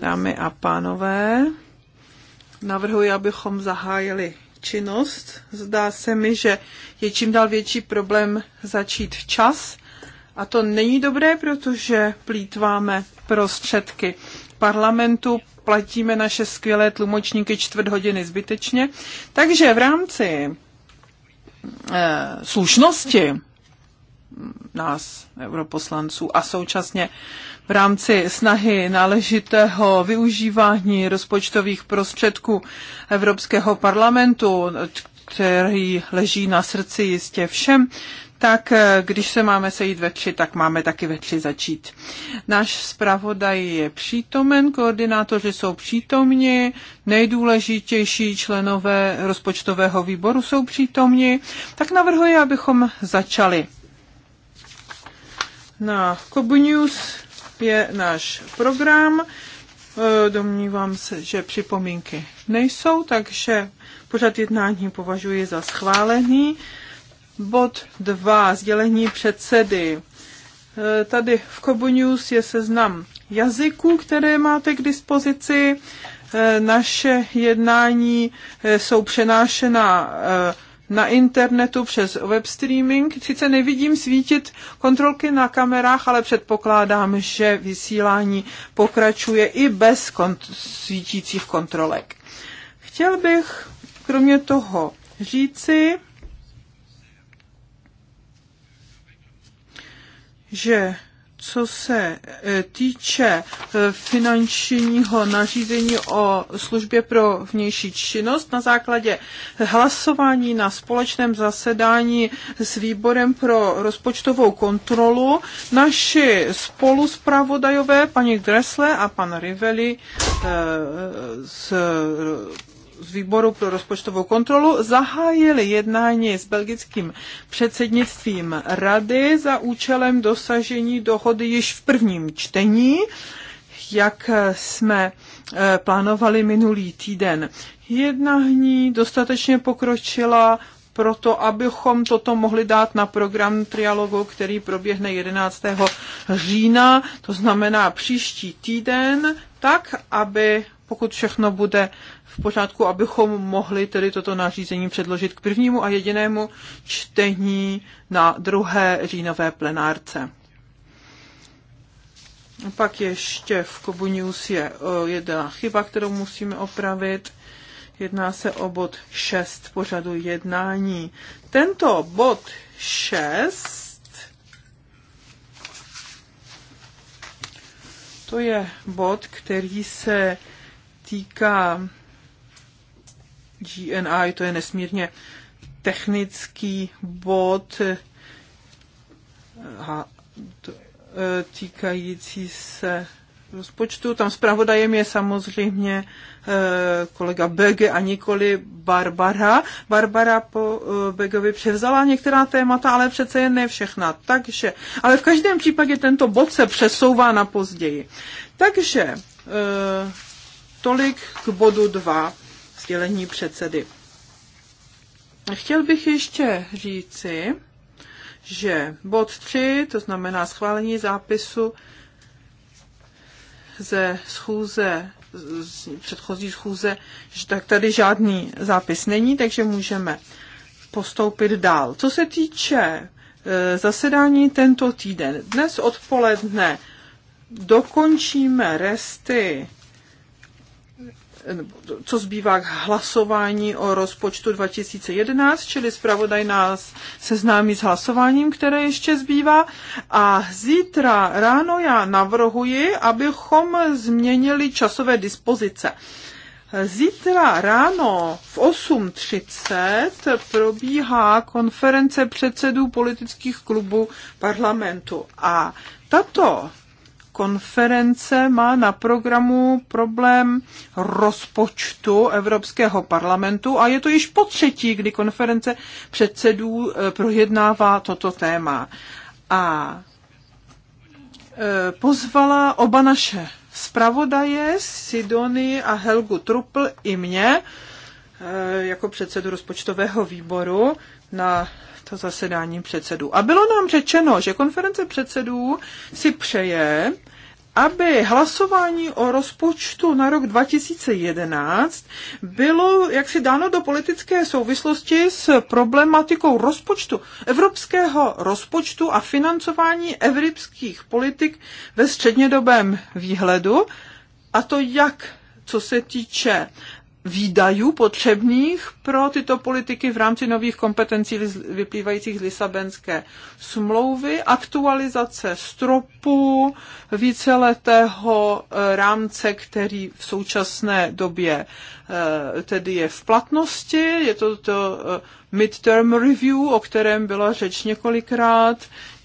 Dámy a pánové, navrhuji, abychom zahájili činnost. Zdá se mi, že je čím dál větší problém začít včas. A to není dobré, protože plítváme prostředky parlamentu, platíme naše skvělé tlumočníky čtvrt hodiny zbytečně. Takže v rámci e, slušnosti nás, europoslanců, a současně v rámci snahy náležitého využívání rozpočtových prostředků Evropského parlamentu, který leží na srdci jistě všem, tak eh, když se máme sejít ve tři, tak máme taky ve tři začít. Náš zpravodaj je přítomen, koordinátoři jsou přítomni, nejdůležitější členové rozpočtového výboru jsou přítomni, tak navrhuji, abychom začali na Kobu News je náš program. E, domnívám se, že připomínky nejsou, takže pořad jednání považuji za schválený. Bod 2. Sdělení předsedy. E, tady v Kobu News je seznam jazyků, které máte k dispozici. E, naše jednání jsou přenášena na internetu přes web streaming. Sice nevidím svítit kontrolky na kamerách, ale předpokládám, že vysílání pokračuje i bez kont- svítících kontrolek. Chtěl bych kromě toho říci, že co se e, týče e, finančního nařízení o službě pro vnější činnost na základě hlasování na společném zasedání s výborem pro rozpočtovou kontrolu, naši spoluspravodajové, paní Gressle a pan Riveli e, z z výboru pro rozpočtovou kontrolu zahájili jednání s belgickým předsednictvím rady za účelem dosažení dohody již v prvním čtení, jak jsme e, plánovali minulý týden. Jednání dostatečně pokročila proto, abychom toto mohli dát na program trialogu, který proběhne 11. října, to znamená příští týden, tak, aby pokud všechno bude v pořádku, abychom mohli tedy toto nařízení předložit k prvnímu a jedinému čtení na druhé říjnové plenárce. Pak ještě v Kobu News je e, jedna chyba, kterou musíme opravit. Jedná se o bod 6 pořadu jednání. Tento bod 6, to je bod, který se týká GNI, to je nesmírně technický bod a e, týkající se rozpočtu. Tam zpravodajem je samozřejmě e, kolega Bege a nikoli Barbara. Barbara po e, Begovi převzala některá témata, ale přece jen ne všechna. Takže, ale v každém případě tento bod se přesouvá na později. Takže Tolik k bodu 2 sdělení předsedy. Chtěl bych ještě říci, že bod 3, to znamená schválení zápisu ze schůze, z předchozí schůze, tak tady žádný zápis není, takže můžeme postoupit dál. Co se týče e, zasedání tento týden, dnes odpoledne dokončíme resty co zbývá k hlasování o rozpočtu 2011, čili zpravodaj nás seznámí s hlasováním, které ještě zbývá. A zítra ráno já navrhuji, abychom změnili časové dispozice. Zítra ráno v 8.30 probíhá konference předsedů politických klubů parlamentu a tato konference má na programu problém rozpočtu Evropského parlamentu a je to již po třetí, kdy konference předsedů eh, projednává toto téma. A eh, pozvala oba naše zpravodaje, Sidony a Helgu Trupl i mě, eh, jako předsedu rozpočtového výboru, na to zasedání předsedů. A bylo nám řečeno, že konference předsedů si přeje, aby hlasování o rozpočtu na rok 2011 bylo jaksi dáno do politické souvislosti s problematikou rozpočtu, evropského rozpočtu a financování evropských politik ve střednědobém výhledu, a to jak co se týče výdajů potřebných pro tyto politiky v rámci nových kompetencí vyplývajících z Lisabenské smlouvy, aktualizace stropu víceletého eh, rámce, který v současné době eh, tedy je v platnosti. Je to to eh, midterm review, o kterém byla řeč několikrát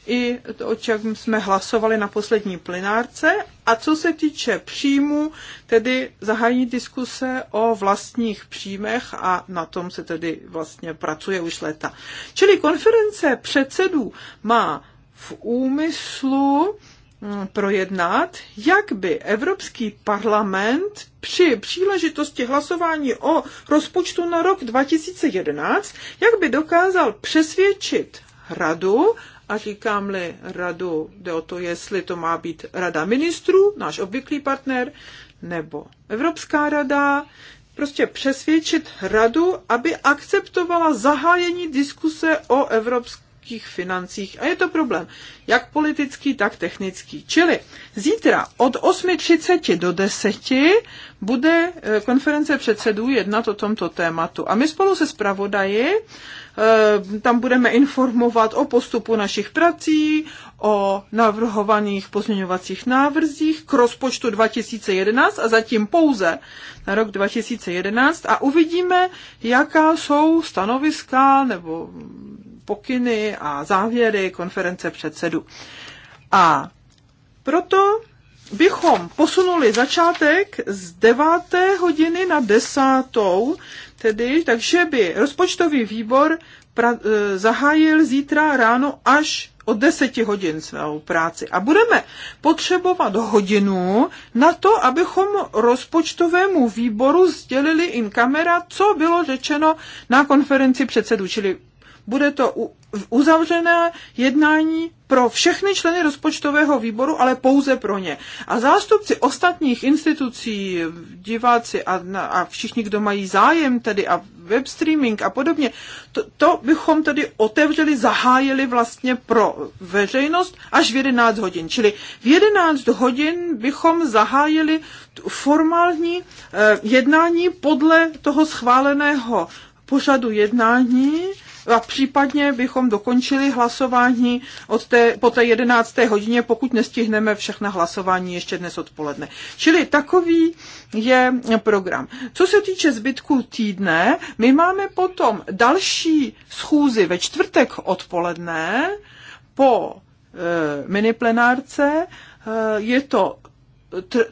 i to, o čem jsme hlasovali na poslední plenárce. A co se týče příjmu, tedy zahájí diskuse o vlastních příjmech a na tom se tedy vlastně pracuje už leta. Čili konference předsedů má v úmyslu mm, projednat, jak by Evropský parlament při příležitosti hlasování o rozpočtu na rok 2011, jak by dokázal přesvědčit radu a říkám-li radu, jde o to, jestli to má být rada ministrů, náš obvyklý partner, nebo Evropská rada, prostě přesvědčit radu, aby akceptovala zahájení diskuse o evropské vysokých financích a je to problém, jak politický, tak technický. Čili zítra od 8.30 do 10 bude eh, konference předsedů jednat o tomto tématu. A my spolu se zpravodaji eh, tam budeme informovat o postupu našich prací, o navrhovaných pozměňovacích návrzích k rozpočtu 2011 a zatím pouze na rok 2011 a uvidíme, jaká jsou stanoviska nebo pokyny a závěry konference předsedu. A proto bychom posunuli začátek z 9. hodiny na 10. Tedy, takže by rozpočtový výbor pra, e, zahájil zítra ráno až od 10 hodin svou práci. A budeme potřebovat hodinu na to, abychom rozpočtovému výboru sdělili in kamera, co bylo řečeno na konferenci předsedů. Čili bude to uzavřené jednání pro všechny členy rozpočtového výboru, ale pouze pro ně. A zástupci ostatních institucí, diváci a, a všichni, kdo mají zájem, tedy a web streaming a podobně, to, to bychom tedy otevřeli, zahájili vlastně pro veřejnost až v 11 hodin. Čili v 11 hodin bychom zahájili formální eh, jednání podle toho schváleného pořadu jednání a případně bychom dokončili hlasování od té, po té 11. hodině, pokud nestihneme všechna hlasování ještě dnes odpoledne. Čili takový je program. Co se týče zbytku týdne, my máme potom další schůzi ve čtvrtek odpoledne po e, miniplenárce. E, je to tr-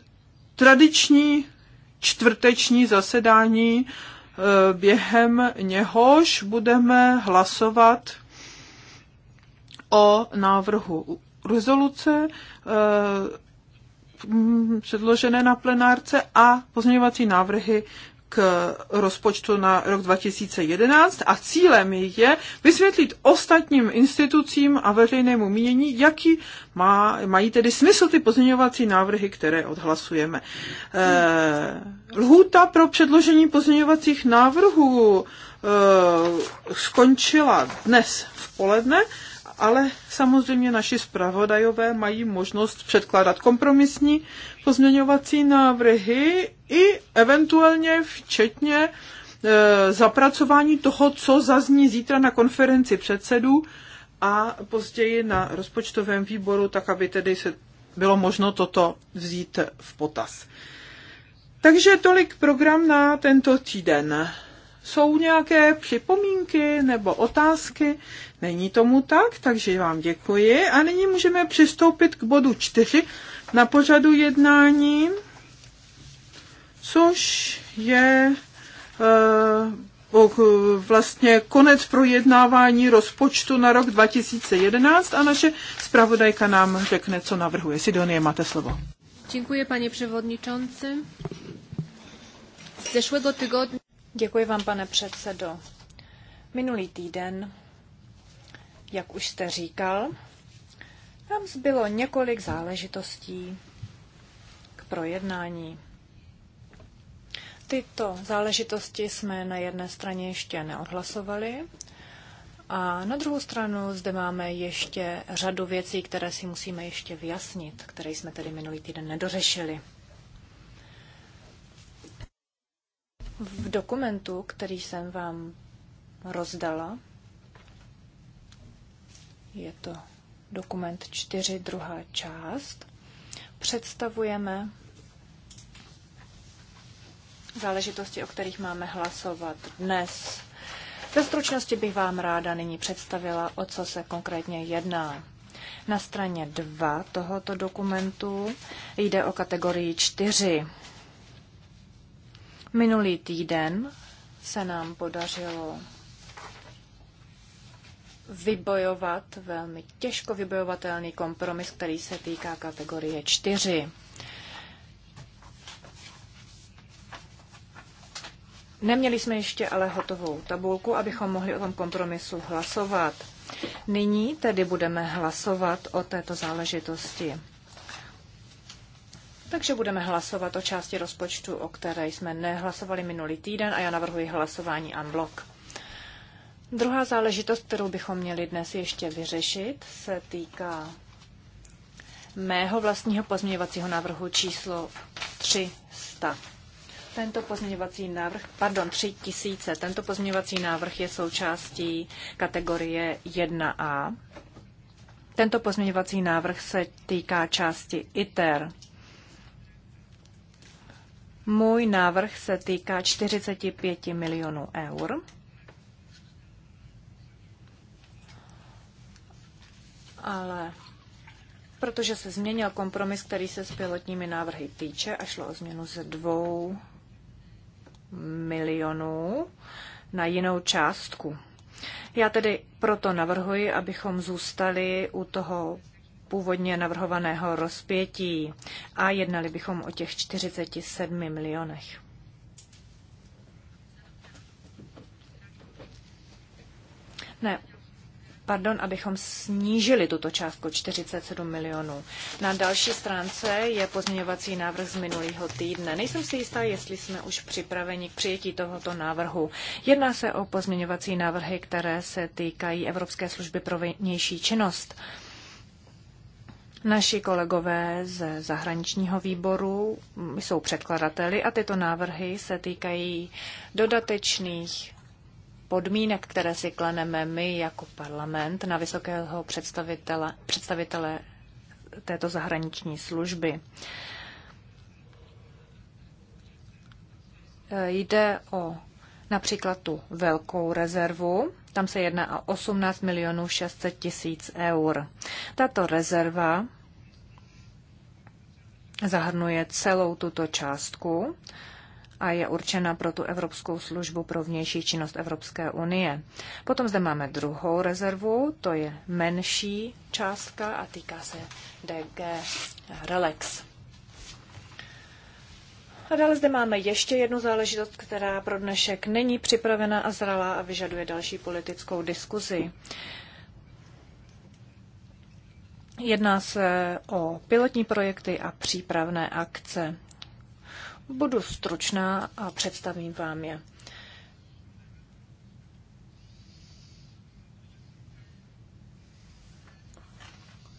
tradiční čtvrteční zasedání Eh, během něhož budeme hlasovat o návrhu rezoluce eh, předložené na plenárce a pozměňovací návrhy k rozpočtu na rok 2011 a cílem je vysvětlit ostatním institucím a veřejnému mínění, jaký má, mají tedy smysl ty pozměňovací návrhy, které odhlasujeme. Eh, lhůta pro předložení pozměňovacích návrhů eh, skončila dnes v poledne ale samozřejmě naši zpravodajové mají možnost předkládat kompromisní pozměňovací návrhy i eventuálně včetně e, zapracování toho, co zazní zítra na konferenci předsedů a později na rozpočtovém výboru, tak aby tedy se bylo možno toto vzít v potaz. Takže tolik program na tento týden. Jsou nějaké připomínky nebo otázky? Není tomu tak, takže vám děkuji. A nyní můžeme přistoupit k bodu čtyři na pořadu jednání což je eh, vlastně konec projednávání rozpočtu na rok 2011 a naše zpravodajka nám řekne, co navrhuje. Sidonie, máte slovo. Děkuji, pane převodničonci. Zešlého tygodně... Děkuji vám, pane předsedo. Minulý týden, jak už jste říkal, nám zbylo několik záležitostí k projednání. Tyto záležitosti jsme na jedné straně ještě neodhlasovali a na druhou stranu zde máme ještě řadu věcí, které si musíme ještě vyjasnit, které jsme tedy minulý týden nedořešili. V dokumentu, který jsem vám rozdala, je to dokument 4, druhá část, představujeme záležitosti, o kterých máme hlasovat dnes. Ve stručnosti bych vám ráda nyní představila, o co se konkrétně jedná. Na straně 2 tohoto dokumentu jde o kategorii 4. Minulý týden se nám podařilo vybojovat velmi těžko vybojovatelný kompromis, který se týká kategorie 4. Neměli jsme ještě ale hotovou tabulku, abychom mohli o tom kompromisu hlasovat. Nyní tedy budeme hlasovat o této záležitosti. Takže budeme hlasovat o části rozpočtu, o které jsme nehlasovali minulý týden a já navrhuji hlasování unblock. Druhá záležitost, kterou bychom měli dnes ještě vyřešit, se týká mého vlastního pozměňovacího návrhu číslo 300. Tento pozměňovací návrh, pardon, 3000, tento pozměňovací návrh je součástí kategorie 1A. Tento pozměňovací návrh se týká části ITER. Můj návrh se týká 45 milionů eur. Ale protože se změnil kompromis, který se s pilotními návrhy týče a šlo o změnu ze dvou milionů na jinou částku. Já tedy proto navrhuji, abychom zůstali u toho původně navrhovaného rozpětí a jednali bychom o těch 47 milionech. Ne, pardon, abychom snížili tuto částku 47 milionů. Na další stránce je pozměňovací návrh z minulého týdne. Nejsem si jistá, jestli jsme už připraveni k přijetí tohoto návrhu. Jedná se o pozměňovací návrhy, které se týkají Evropské služby pro vnější činnost. Naši kolegové ze zahraničního výboru jsou předkladateli a tyto návrhy se týkají dodatečných podmínek, které si kleneme my jako parlament na vysokého představitele, představitele této zahraniční služby. Eh, jde o například tu velkou rezervu, tam se jedná o 18 milionů 600 tisíc eur. Tato rezerva zahrnuje celou tuto částku a je určena pro tu Evropskou službu pro vnější činnost Evropské unie. Potom zde máme druhou rezervu, to je menší částka a týká se DG Relax. A dále zde máme ještě jednu záležitost, která pro dnešek není připravena a zralá a vyžaduje další politickou diskuzi. Jedná se o pilotní projekty a přípravné akce. Budu stručná a představím vám je.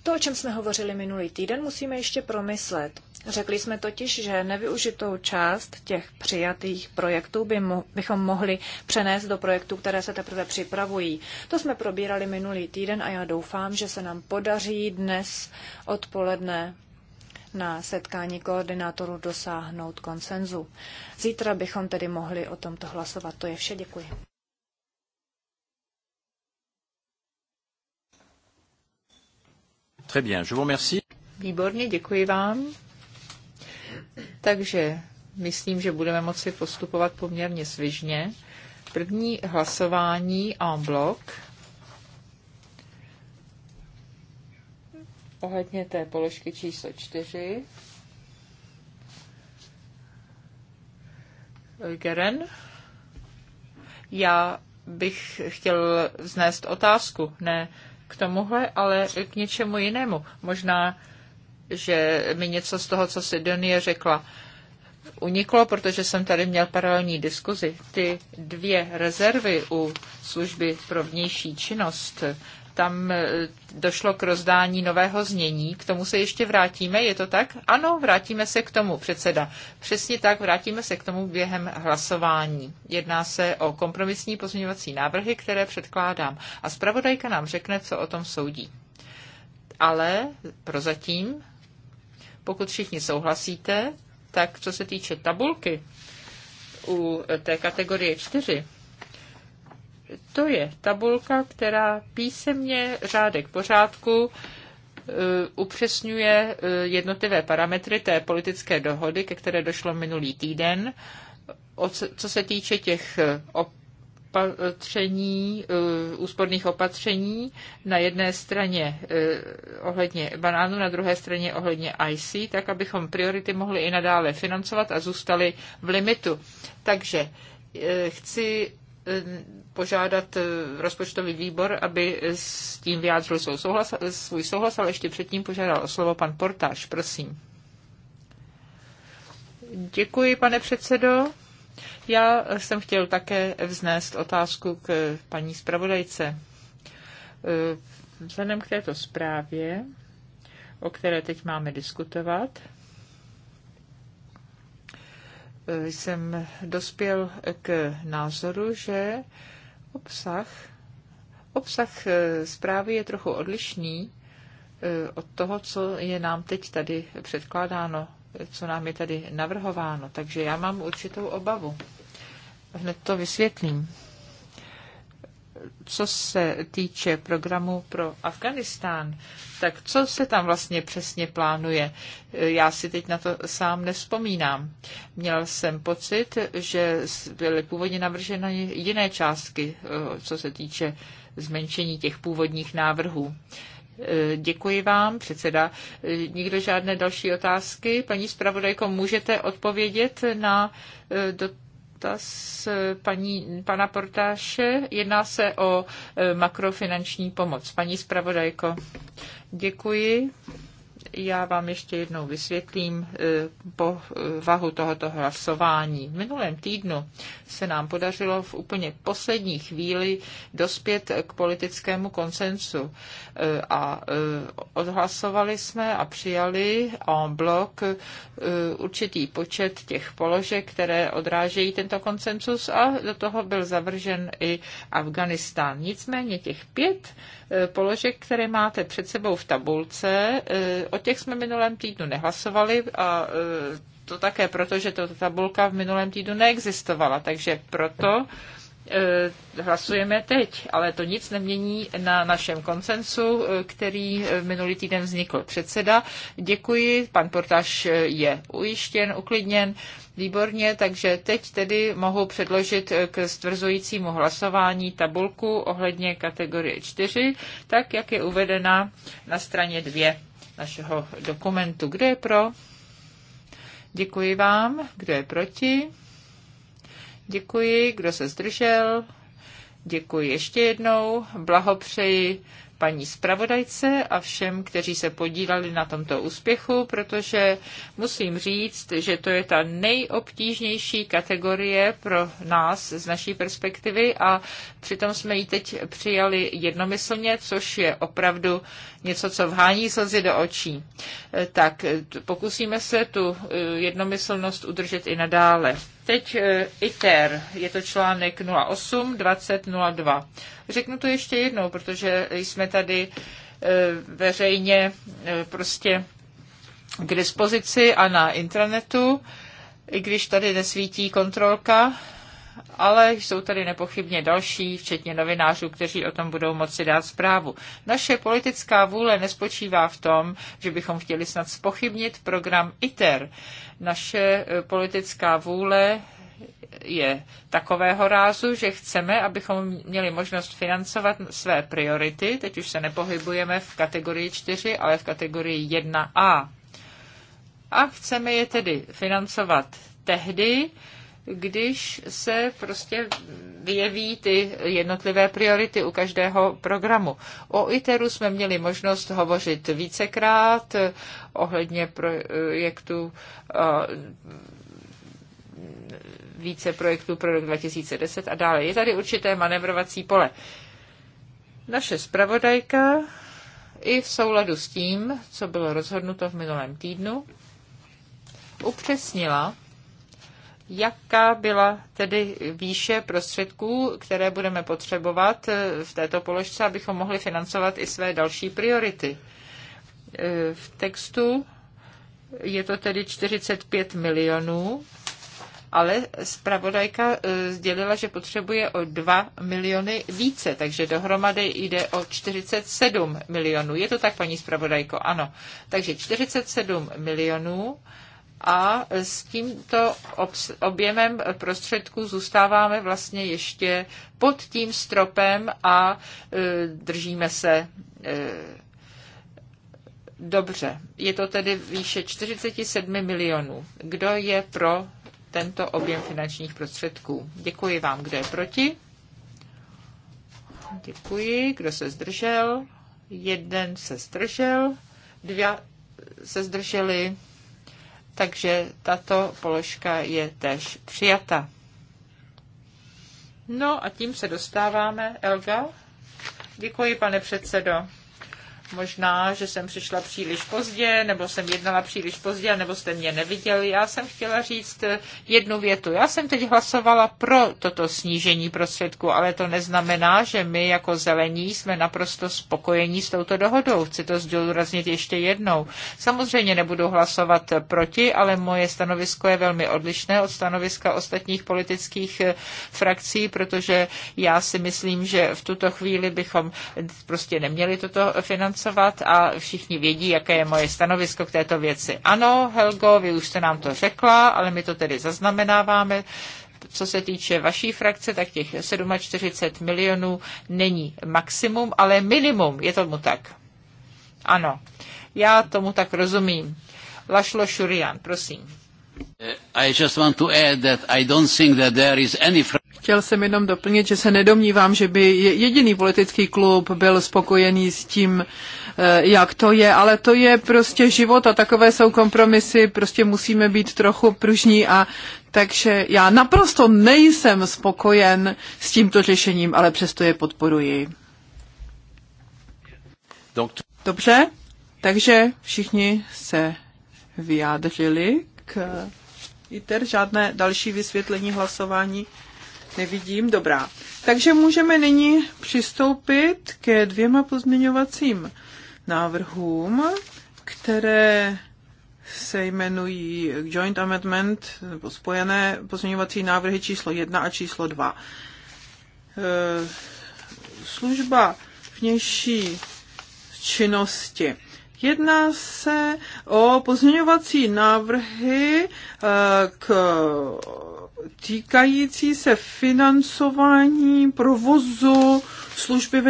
To, o čem jsme hovořili minulý týden, musíme ještě promyslet. Řekli jsme totiž, že nevyužitou část těch přijatých projektů by mo- bychom mohli přenést do projektů, které se teprve připravují. To jsme probírali minulý týden a já doufám, že se nám podaří dnes odpoledne na setkání koordinátorů dosáhnout konsenzu. Zítra bychom tedy mohli o tomto hlasovat. To je vše. Děkuji. Très bien, je vous remercie. Výborně, děkuji vám. Takže myslím, že budeme moci postupovat poměrně svižně. První hlasování en bloc ohledně té položky číslo 4. Geren, já bych chtěl vznést otázku, ne k tomuhle, ale k něčemu jinému. Možná, že mi něco z toho, co si Donie řekla, uniklo, protože jsem tady měl paralelní diskuzi. Ty dvě rezervy u služby pro vnější činnost, tam eh, došlo k rozdání nového znění. K tomu se ještě vrátíme, je to tak? Ano, vrátíme se k tomu, předseda. Přesně tak, vrátíme se k tomu během hlasování. Jedná se o kompromisní pozměňovací návrhy, které předkládám. A zpravodajka nám řekne, co o tom soudí. Ale prozatím, pokud všichni souhlasíte, tak co se týče tabulky u té kategorie 4, to je tabulka, která písemně řádek pořádku e, upřesňuje e, jednotlivé parametry té politické dohody, ke které došlo minulý týden. Co se týče těch opatření, e, úsporných opatření, na jedné straně ohledně banánu, na druhé straně ohledně IC, tak abychom priority mohli i nadále financovat a zůstali v limitu. Takže chci požádat eh, rozpočtový výbor, aby s tím vyjádřil svůj souhlas, svůj souhlas ale ještě předtím požádal o slovo pan portáš, prosím. Děkuji, pane předsedo. Já jsem chtěl také vznést otázku k paní zpravodajce. Eh, vzhledem k této zprávě, o které teď máme diskutovat, jsem dospěl k názoru, že obsah, obsah eh, zprávy je trochu odlišný eh, od toho, co je nám teď tady předkládáno, co nám je tady navrhováno. Takže já mám určitou obavu. Hned to vysvětlím co se týče programu pro Afganistán, tak co se tam vlastně přesně plánuje? Já si teď na to sám nespomínám. Měl jsem pocit, že byly původně navrženy jiné částky, co se týče zmenšení těch původních návrhů. Děkuji vám, předseda. Nikdo žádné další otázky? Paní zpravodajko, můžete odpovědět na dotaz? dotaz paní, pana Portáše. Jedná se o e, makrofinanční pomoc. Paní zpravodajko, děkuji. Já vám ještě jednou vysvětlím eh, povahu tohoto hlasování. V minulém týdnu se nám podařilo v úplně poslední chvíli dospět k politickému konsensu eh, a eh, odhlasovali jsme a přijali en blok určitý počet těch položek, které odrážejí tento konsensus a do toho byl zavržen i Afganistán. Nicméně těch pět E, položek, které máte před sebou v tabulce. E, o těch jsme minulém týdnu nehlasovali a e, to také proto, že ta tabulka v minulém týdnu neexistovala, takže proto Eh, hlasujeme teď, ale to nic nemění na našem koncensu, eh, který eh, minulý týden vznikl předseda. Děkuji, pan Portaž je ujištěn, uklidněn, výborně, takže teď tedy mohu předložit k stvrzujícímu hlasování tabulku ohledně kategorie 4, tak jak je uvedena na straně 2 našeho dokumentu. Kdo je pro? Děkuji vám. Kdo je proti? Děkuji, kdo se zdržel. Děkuji ještě jednou. Blahopřeji paní zpravodajce a všem, kteří se podíleli na tomto úspěchu, protože musím říct, že to je ta nejobtížnější kategorie pro nás z naší perspektivy a přitom jsme ji teď přijali jednomyslně, což je opravdu něco, co vhání slzy do očí. Tak pokusíme se tu eh, jednomyslnost udržet i nadále. Teď eh, ITER, je to článek 08-2002. Řeknu to ještě jednou, protože jsme tady eh, veřejně eh, prostě k dispozici a na intranetu, i když tady nesvítí kontrolka, ale jsou tady nepochybně další, včetně novinářů, kteří o tom budou moci dát zprávu. Naše politická vůle nespočívá v tom, že bychom chtěli snad spochybnit program ITER. Naše eh, politická vůle je takového rázu, že chceme, abychom měli možnost financovat své priority. Teď už se nepohybujeme v kategorii 4, ale v kategorii 1A. A chceme je tedy financovat tehdy, když se prostě vyjeví ty jednotlivé priority u každého programu. O ITERu jsme měli možnost hovořit vícekrát eh, ohledně projektu eh, více projektů pro rok 2010 a dále. Je tady určité manevrovací pole. Naše zpravodajka i v souladu s tím, co bylo rozhodnuto v minulém týdnu, upřesnila jaká byla tedy výše prostředků, které budeme potřebovat eh, v této položce, abychom mohli financovat i své další priority. Eh, v textu je to tedy 45 milionů, ale zpravodajka eh, sdělila, že potřebuje o 2 miliony více, takže dohromady jde o 47 milionů. Je to tak, paní zpravodajko? Ano. Takže 47 milionů a s tímto objemem prostředků zůstáváme vlastně ještě pod tím stropem a e, držíme se e, dobře. Je to tedy výše 47 milionů. Kdo je pro tento objem finančních prostředků? Děkuji vám. Kdo je proti? Děkuji. Kdo se zdržel? Jeden se zdržel. Dva se zdrželi takže tato položka je tež přijata. No a tím se dostáváme, Elga. Děkuji, pane předsedo. Možná, že jsem přišla příliš pozdě, nebo jsem jednala příliš pozdě, nebo jste mě neviděli. Já jsem chtěla říct jednu větu. Já jsem teď hlasovala pro toto snížení prostředku, ale to neznamená, že my jako zelení jsme naprosto spokojení s touto dohodou. Chci to zdůraznit ještě jednou. Samozřejmě nebudu hlasovat proti, ale moje stanovisko je velmi odlišné od stanoviska ostatních politických eh, frakcí, protože já si myslím, že v tuto chvíli bychom prostě neměli toto financování financovat a všichni vědí, jaké je moje stanovisko k této věci. Ano, Helgo, vy už jste nám to řekla, ale my to tedy zaznamenáváme co se týče vaší frakce, tak těch 47 milionů není maximum, ale minimum, je tomu tak. Ano, já tomu tak rozumím. Lašlo Šurian, prosím. Chtěl jsem jenom doplnit, že se nedomnívám, že by jediný politický klub byl spokojený s tím, eh, jak to je, ale to je prostě život a takové jsou kompromisy, prostě musíme být trochu pružní a takže já naprosto nejsem spokojen s tímto řešením, ale přesto je podporuji. Dobře, takže všichni se vyjádřili tak ITER. Žádné další vysvětlení hlasování nevidím. Dobrá. Takže můžeme nyní přistoupit ke dvěma pozměňovacím návrhům, které se jmenují Joint Amendment, nebo spojené pozměňovací návrhy číslo 1 a číslo 2. E, služba vnější činnosti. Jedná se o pozměňovací návrhy eh, k týkající se financování provozu služby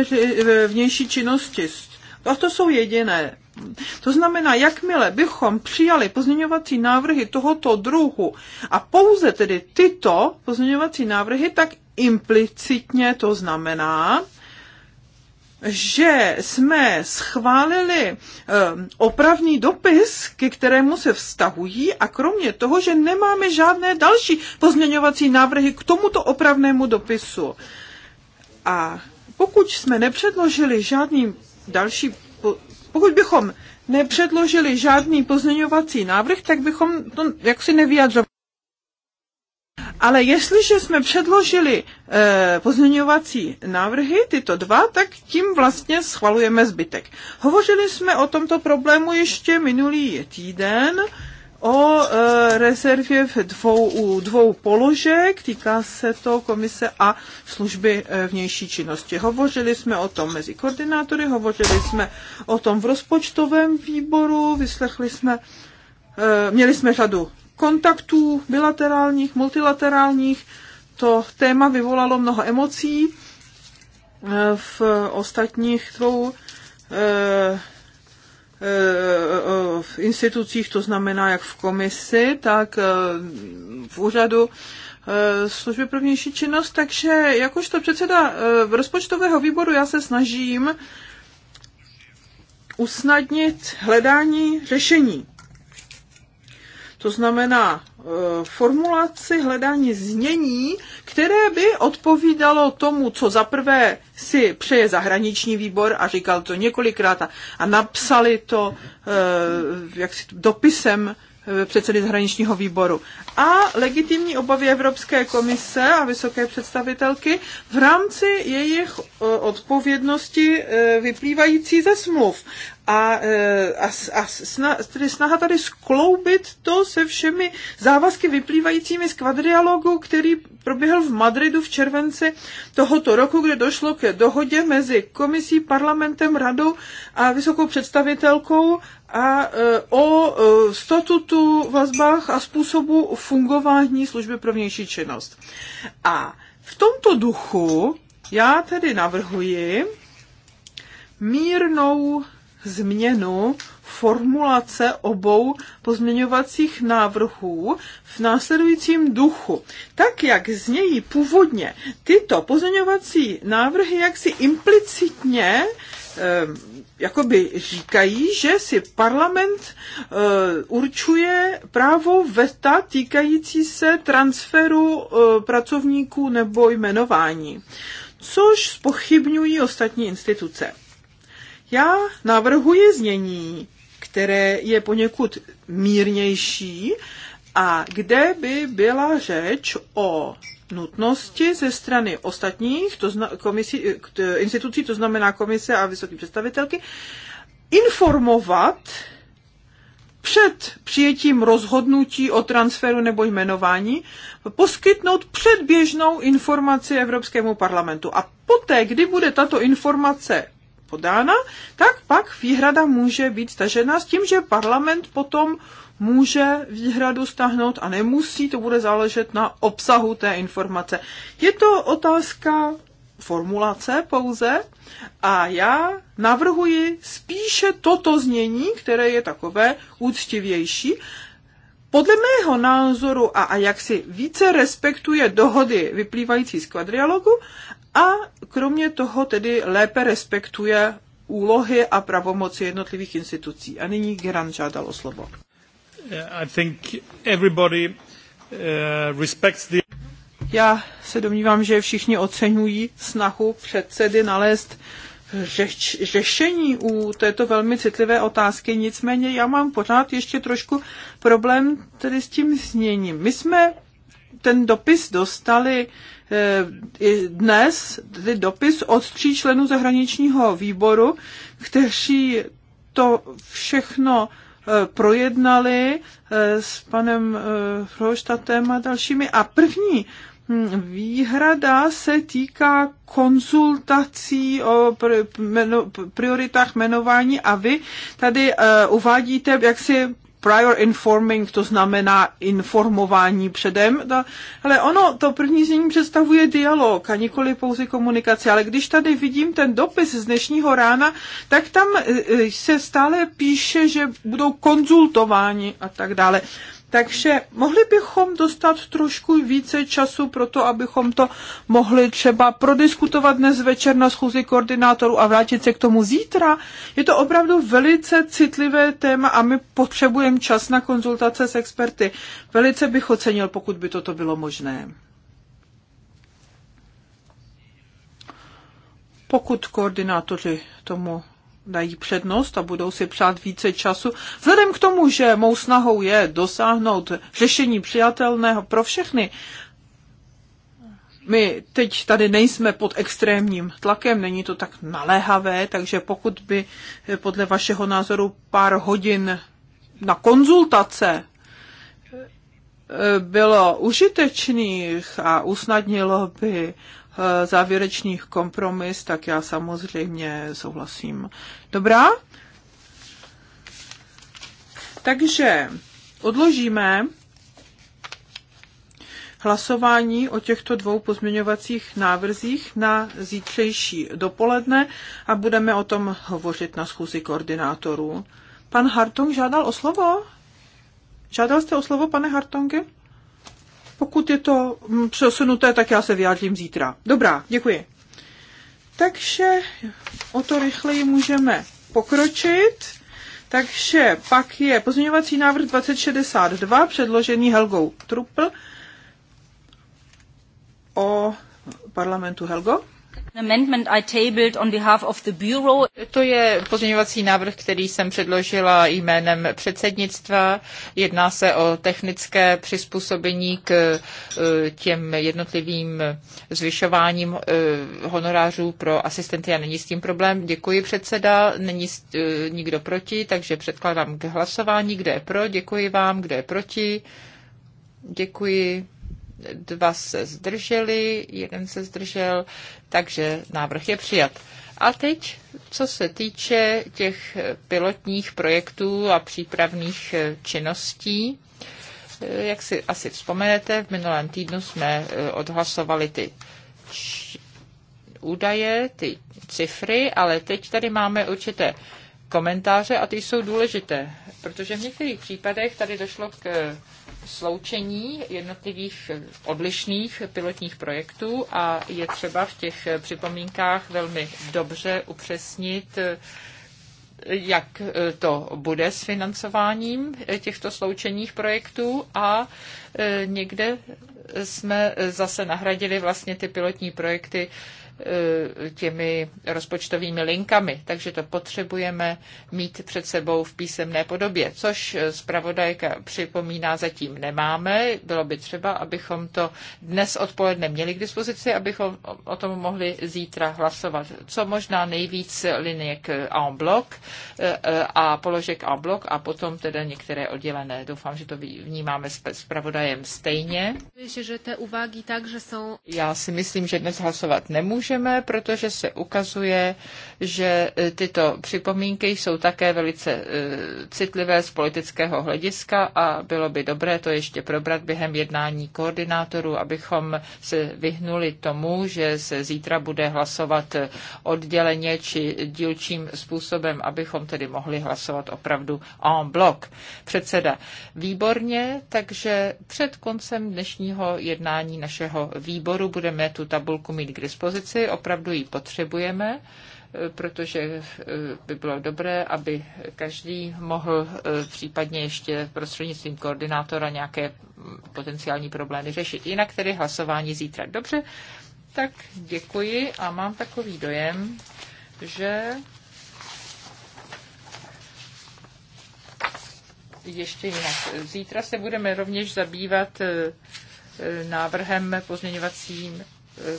vnější činnosti. A to jsou jediné to znamená, jakmile bychom přijali pozměňovací návrhy tohoto druhu a pouze tedy tyto pozměňovací návrhy, tak implicitně to znamená, že jsme schválili eh, opravný dopis, ke kterému se vztahují a kromě toho, že nemáme žádné další pozměňovací návrhy k tomuto opravnému dopisu. A pokud jsme nepředložili žádný další, pokud bychom nepředložili žádný pozměňovací návrh, tak bychom to jaksi nevyjadřovali. Ale jestliže jsme předložili eh, pozměňovací návrhy, tyto dva, tak tím vlastně schvalujeme zbytek. Hovořili jsme o tomto problému ještě minulý týden o eh, rezervě v dvou, u dvou položek, týká se to komise a služby eh, vnější činnosti. Hovořili jsme o tom mezi koordinátory, hovořili jsme o tom v rozpočtovém výboru, vyslechli jsme, eh, měli jsme řadu kontaktů bilaterálních, multilaterálních. To téma vyvolalo mnoho emocí eh, v ostatních dvou eh, eh, v institucích, to znamená jak v komisi, tak v úřadu služby prvnější činnost, takže jakožto předseda rozpočtového výboru já se snažím usnadnit hledání řešení. To znamená e, formulaci hledání znění, které by odpovídalo tomu, co zaprvé si přeje zahraniční výbor a říkal to několikrát a, a napsali to e, jak si, dopisem e, předsedy zahraničního výboru. A legitimní obavy Evropské komise a vysoké představitelky v rámci jejich odpovědnosti vyplývající ze smluv a, e, a, a sna, tedy snaha tady skloubit to se všemi závazky vyplývajícími z kvadrialogu, který proběhl v Madridu v červenci tohoto roku, kde došlo ke dohodě mezi komisí, parlamentem, radou a vysokou představitelkou a e, o e, statutu, vazbách a způsobu fungování služby pro vnější činnost. A v tomto duchu já tedy navrhuji mírnou změnu formulace obou pozměňovacích návrhů v následujícím duchu. Tak, jak znějí původně tyto pozměňovací návrhy, jak si implicitně eh, jakoby říkají, že si parlament eh, určuje právo veta týkající se transferu uh, pracovníků nebo jmenování, což spochybňují ostatní instituce. Já navrhuji znění, které je poněkud mírnější a kde by byla řeč o nutnosti ze strany ostatních to zna, komisí, institucí, to znamená komise a vysoké představitelky, informovat před přijetím rozhodnutí o transferu nebo jmenování poskytnout předběžnou informaci Evropskému parlamentu. A poté, kdy bude tato informace podána, tak pak výhrada může být stažena s tím, že parlament potom může výhradu stáhnout a nemusí, to bude záležet na obsahu té informace. Je to otázka formulace pouze a já navrhuji spíše toto znění, které je takové úctivější, podle mého názoru a, a jak si více respektuje dohody vyplývající z kvadrialogu a kromě toho tedy lépe respektuje úlohy a pravomoci jednotlivých institucí. A nyní Geran žádal o slovo. I think everybody uh, respects the... Já se domnívám, že všichni oceňují snahu předsedy nalézt řeč, řešení u této velmi citlivé otázky, nicméně já mám pořád ještě trošku problém tedy s tím zněním. My jsme ten dopis dostali Eh, i dnes tedy dopis od tří členů zahraničního výboru, kteří to všechno eh, projednali eh, s panem Frohoštatem a dalšími. A první hm, výhrada se týká konzultací o prioritách jmenování a vy tady uvádíte jak si prior informing, to znamená informování předem. No, ale ono, to první znění představuje dialog a nikoli pouze komunikaci. Ale když tady vidím ten dopis z dnešního rána, tak tam eh, eh, se stále píše, že budou konzultováni a tak dále. Takže mohli bychom dostat trošku více času pro to, abychom to mohli třeba prodiskutovat dnes večer na schůzi koordinátorů a vrátit se k tomu zítra. Je to opravdu velice citlivé téma a my potřebujeme čas na konzultace s experty. Velice bych ocenil, pokud by toto bylo možné. Pokud koordinátoři tomu dají přednost a budou si přát více času. Vzhledem k tomu, že mou snahou je dosáhnout řešení přijatelného pro všechny, my teď tady nejsme pod extrémním tlakem, není to tak naléhavé, takže pokud by eh, podle vašeho názoru pár hodin na konzultace eh, bylo užitečných a usnadnilo by Eh, závěrečných kompromis, tak já samozřejmě souhlasím. Dobrá? Takže odložíme hlasování o těchto dvou pozměňovacích návrzích na zítřejší dopoledne a budeme o tom hovořit na schůzi koordinátorů. Pan Hartong žádal o slovo? Žádal jste o slovo, pane Hartonge? pokud je to přesunuté, hm, tak já se vyjádřím zítra. Dobrá, děkuji. Takže o to rychleji můžeme pokročit. Takže pak je pozměňovací návrh 2062, předložený Helgou Trupl o parlamentu Helgo. To je pozměňovací návrh, který jsem předložila jménem předsednictva. Jedná se o technické přizpůsobení k e, těm jednotlivým zvyšováním e, honorářů pro asistenty. Já není s tím problém. Děkuji předseda. Není e, nikdo proti, takže předkládám k hlasování. Kdo je pro? Děkuji vám. Kdo je proti? Děkuji dva se zdrželi, jeden se zdržel, takže návrh je přijat. A teď, co se týče těch pilotních projektů a přípravných činností, jak si asi vzpomenete, v minulém týdnu jsme eh, odhlasovali ty údaje, ty cifry, ale teď tady máme určité komentáře a ty jsou důležité, protože v některých případech tady došlo k sloučení jednotlivých odlišných pilotních projektů a je třeba v těch připomínkách velmi dobře upřesnit, jak to bude s financováním těchto sloučených projektů a někde jsme zase nahradili vlastně ty pilotní projekty Eh, těmi rozpočtovými linkami, takže to potřebujeme mít před sebou v písemné podobě, což eh, zpravodajka připomíná zatím nemáme. Bylo by třeba, abychom to dnes odpoledne měli k dispozici, abychom o tom mohli zítra hlasovat. Co možná nejvíc liniek en bloc eh, a položek en bloc a potom teda některé oddělené. Doufám, že to vnímáme s zpravodajem stejně. Já si myslím, že dnes hlasovat nemůžeme nemůžeme, protože se ukazuje, že e, tyto připomínky jsou také velice e, citlivé z politického hlediska a bylo by dobré to ještě probrat během jednání koordinátorů, abychom se vyhnuli tomu, že se zítra bude hlasovat odděleně či dílčím způsobem, abychom tedy mohli hlasovat opravdu en bloc. Předseda, výborně, takže před koncem dnešního jednání našeho výboru budeme tu tabulku mít k dispozici směrnici, opravdu ji potřebujeme, e, protože e, by bylo dobré, aby každý mohl e, případně ještě prostřednictvím koordinátora nějaké potenciální problémy řešit. Jinak tedy hlasování zítra. Dobře, tak děkuji a mám takový dojem, že ještě jinak. Zítra se budeme rovněž zabývat návrhem pozměňovacím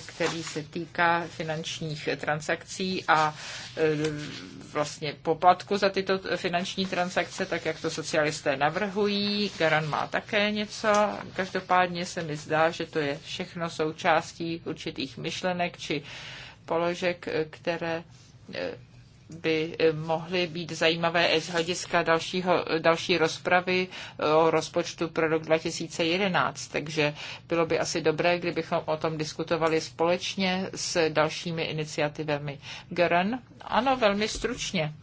který se týká finančních transakcí a e, vlastně poplatku za tyto finanční transakce, tak jak to socialisté navrhují. Garan má také něco. Každopádně se mi zdá, že to je všechno součástí určitých myšlenek či položek, e, které e, by eh, mohly být zajímavé i z hlediska dalšího, eh, další rozpravy eh, o rozpočtu pro rok 2011. Takže bylo by asi dobré, kdybychom o tom diskutovali společně s dalšími iniciativami. Göran? Ano, velmi stručně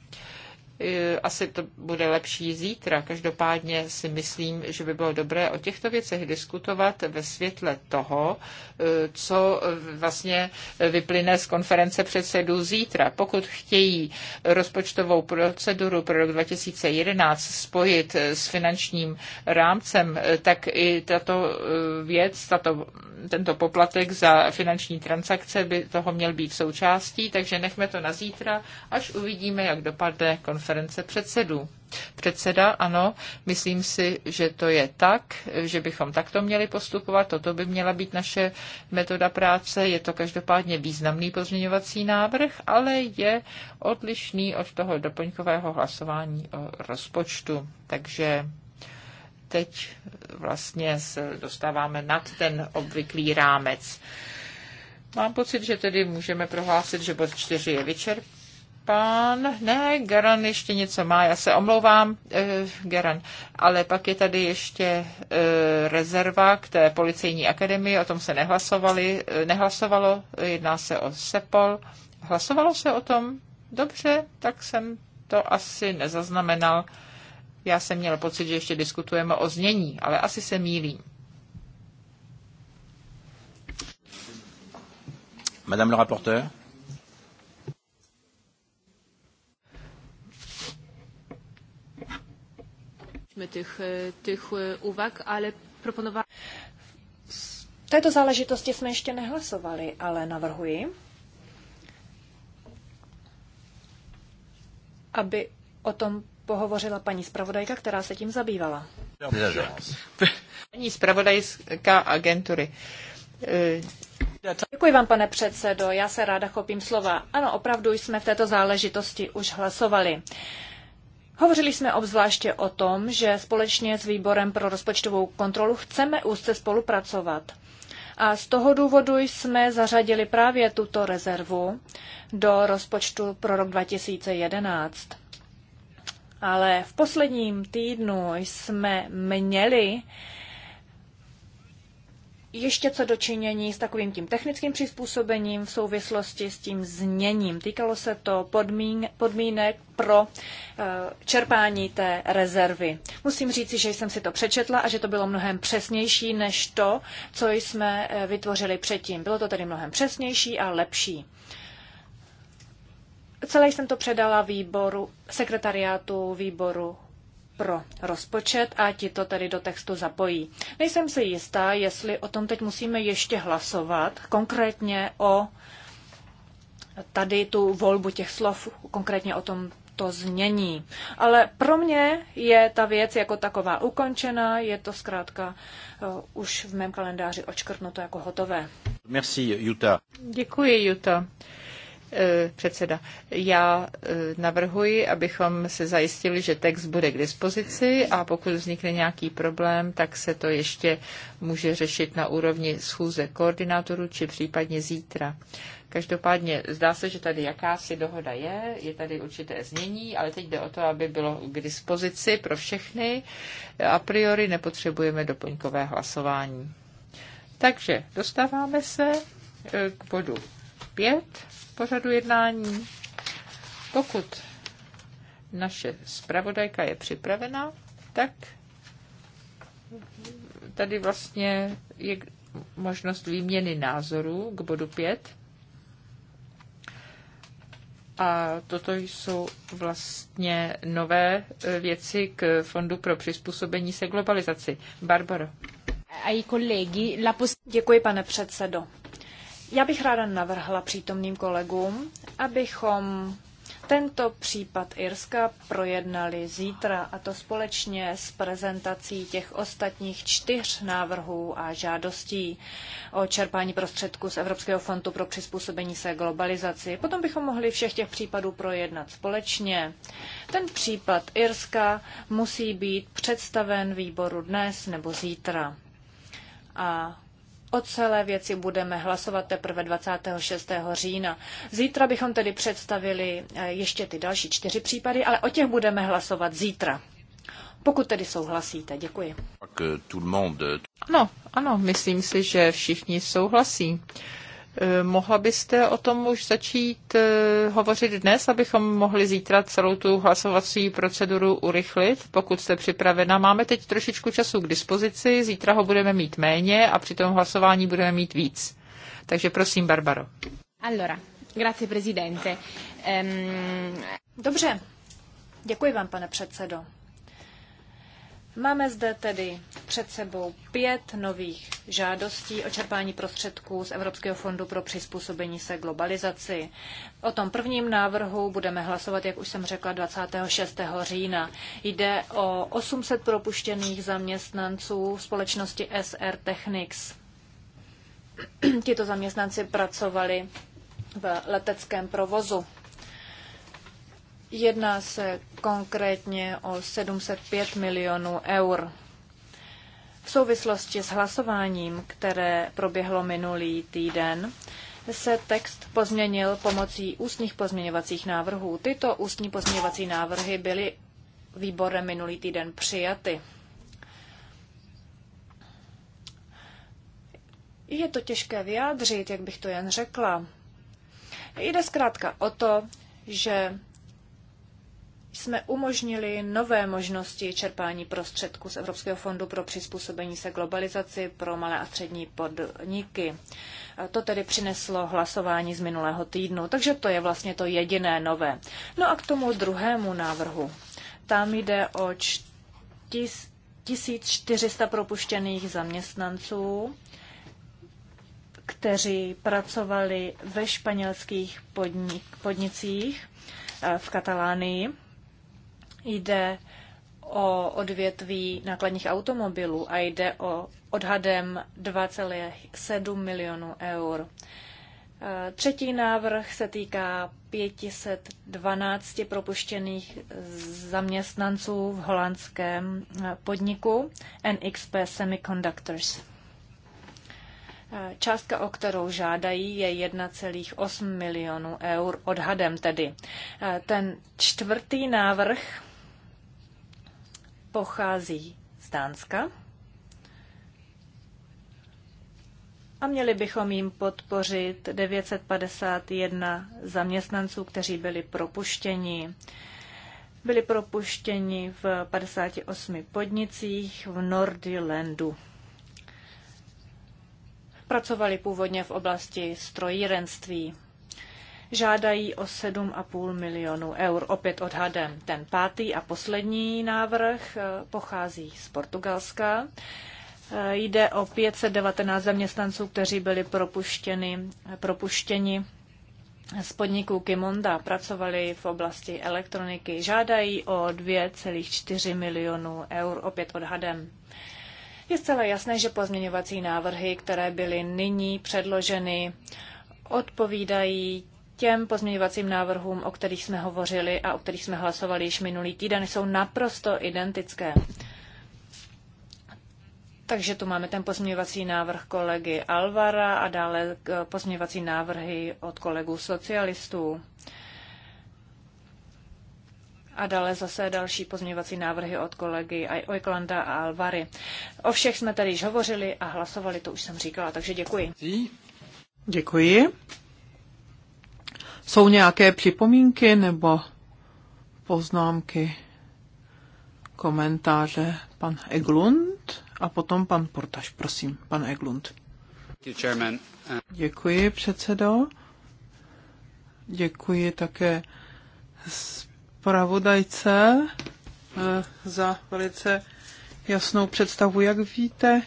asi to bude lepší zítra. Každopádně si myslím, že by bylo dobré o těchto věcech diskutovat ve světle toho, e, co vlastně vyplyne z konference předsedů zítra. Pokud chtějí rozpočtovou proceduru pro rok 2011 spojit s finančním rámcem, e, tak i tato e, věc, tato, tento poplatek za finanční transakce by toho měl být součástí, takže nechme to na zítra, až uvidíme, jak dopadne konference konference předsedů. Předseda, ano, myslím si, že to je tak, že bychom takto měli postupovat, toto by měla být naše metoda práce, je to každopádně významný pozměňovací návrh, ale je odlišný od toho doplňkového hlasování o rozpočtu. Takže teď vlastně se dostáváme nad ten obvyklý rámec. Mám pocit, že tedy můžeme prohlásit, že bod 4 je vyčerpán pán, ne, Geran ještě něco má, já se omlouvám, eh, Geran, ale pak je tady ještě eh, rezerva k té policejní akademii, o tom se nehlasovali, eh, nehlasovalo, jedná se o SEPOL. Hlasovalo se o tom? Dobře, tak jsem to asi nezaznamenal. Já jsem měl pocit, že ještě diskutujeme o znění, ale asi se mílím. Madame le rapporteur. unikliśmy tych, tych uwag, ale proponowałam... V této záležitosti jsme ještě nehlasovali, ale navrhuji, aby o tom pohovořila paní zpravodajka, která se tím zabývala. Paní zpravodajská agentury. Děkuji vám, pane předsedo. Já se ráda chopím slova. Ano, opravdu jsme v této záležitosti už hlasovali. Hovořili jsme obzvláště o tom, že společně s výborem pro rozpočtovou kontrolu chceme úzce spolupracovat. A z toho důvodu jsme zařadili právě tuto rezervu do rozpočtu pro rok 2011. Ale v posledním týdnu jsme měli ještě co dočinění s takovým tím technickým přizpůsobením v souvislosti s tím zněním. Týkalo se to podmín, podmínek pro eh, čerpání té rezervy. Musím říci, že jsem si to přečetla a že to bylo mnohem přesnější než to, co jsme eh, vytvořili předtím. Bylo to tedy mnohem přesnější a lepší. Celé jsem to předala výboru, sekretariátu výboru pro rozpočet a ti to tedy do textu zapojí. Nejsem si jistá, jestli o tom teď musíme ještě hlasovat, konkrétně o tady tu volbu těch slov, konkrétně o tom to změní. Ale pro mě je ta věc jako taková ukončena, je to zkrátka uh, už v mém kalendáři očkrtnuto jako hotové. Merci, Juta. Děkuji, Juta. Eh, předseda, já eh, navrhuji, abychom se zajistili, že text bude k dispozici a pokud vznikne nějaký problém, tak se to ještě může řešit na úrovni schůze koordinátorů či případně zítra. Každopádně zdá se, že tady jakási dohoda je, je tady určité znění, ale teď jde o to, aby bylo k dispozici pro všechny. A priori nepotřebujeme doplňkové hlasování. Takže dostáváme se eh, k bodu 5 pořadu jednání. Pokud naše zpravodajka je připravena, tak tady vlastně je možnost výměny názorů k bodu 5. A toto jsou vlastně nové věci k Fondu pro přizpůsobení se globalizaci. Barbaro. Děkuji, pane předsedo. Já bych ráda navrhla přítomným kolegům, abychom tento případ Irska projednali zítra, a to společně s prezentací těch ostatních čtyř návrhů a žádostí o čerpání prostředků z Evropského fondu pro přizpůsobení se globalizaci. Potom bychom mohli všech těch případů projednat společně. Ten případ Irska musí být představen výboru dnes nebo zítra. A O celé věci budeme hlasovat teprve 26. října. Zítra bychom tedy představili eh, ještě ty další čtyři případy, ale o těch budeme hlasovat zítra. Pokud tedy souhlasíte, děkuji. Eh, no, ano, myslím si, že všichni souhlasí. Eh, mohla byste o tom už začít eh, hovořit dnes, abychom mohli zítra celou tu hlasovací proceduru urychlit, pokud jste připravena. Máme teď trošičku času k dispozici, zítra ho budeme mít méně a při tom hlasování budeme mít víc. Takže prosím, Barbaro. Allora, grazie presidente. Um... Dobře, děkuji vám, pane předsedo. Máme zde tedy před sebou pět nových žádostí o čerpání prostředků z Evropského fondu pro přizpůsobení se globalizaci. O tom prvním návrhu budeme hlasovat, jak už jsem řekla, 26. října. Jde o 800 propuštěných zaměstnanců společnosti SR Technics. Tito zaměstnanci pracovali v leteckém provozu. Jedná se konkrétně o 705 milionů eur. V souvislosti s hlasováním, které proběhlo minulý týden, se text pozměnil pomocí ústních pozměňovacích návrhů. Tyto ústní pozměňovací návrhy byly výborem minulý týden přijaty. Je to těžké vyjádřit, jak bych to jen řekla. Jde zkrátka o to, že jsme umožnili nové možnosti čerpání prostředků z Evropského fondu pro přizpůsobení se globalizaci pro malé a střední podniky. To tedy přineslo hlasování z minulého týdnu, takže to je vlastně to jediné nové. No a k tomu druhému návrhu. Tam jde o 1400 propuštěných zaměstnanců, kteří pracovali ve španělských podnik, podnicích eh, v Katalánii. Jde o odvětví nákladních automobilů a jde o odhadem 2,7 milionů eur. Eh, třetí návrh se týká 512 propuštěných zaměstnanců v holandském eh, podniku NXP Semiconductors. Eh, částka, o kterou žádají, je 1,8 milionů eur, odhadem tedy. Ten čtvrtý návrh pochází z Dánska a měli bychom jim podpořit 951 zaměstnanců, kteří byli propuštěni. Byli propuštěni v 58 podnicích v Nordilandu. Pracovali původně v oblasti strojírenství žádají o 7,5 milionů eur. Opět odhadem ten pátý a poslední návrh eh, pochází z Portugalska. Eh, jde o 519 zaměstnanců, kteří byli propuštěni, propuštěni z podniku Kimonda pracovali v oblasti elektroniky. Žádají o 2,4 milionů eur, opět odhadem. Je zcela jasné, že pozměňovací návrhy, které byly nyní předloženy, odpovídají těm pozměňovacím návrhům, o kterých jsme hovořili a o kterých jsme hlasovali již minulý týden, jsou naprosto identické. Takže tu máme ten pozměňovací návrh kolegy Alvara a dále eh, pozměňovací návrhy od kolegů socialistů. A dále zase další pozměňovací návrhy od kolegy Ojklanda a Alvary. O všech jsme tady již hovořili a hlasovali, to už jsem říkala, takže děkuji. Děkuji. Jsou nějaké připomínky nebo poznámky, komentáře? Pan Eglund a potom pan Portaš, prosím, pan Eglund. Děkuji, předsedo. Děkuji také zpravodajce eh, za velice jasnou představu. Jak víte,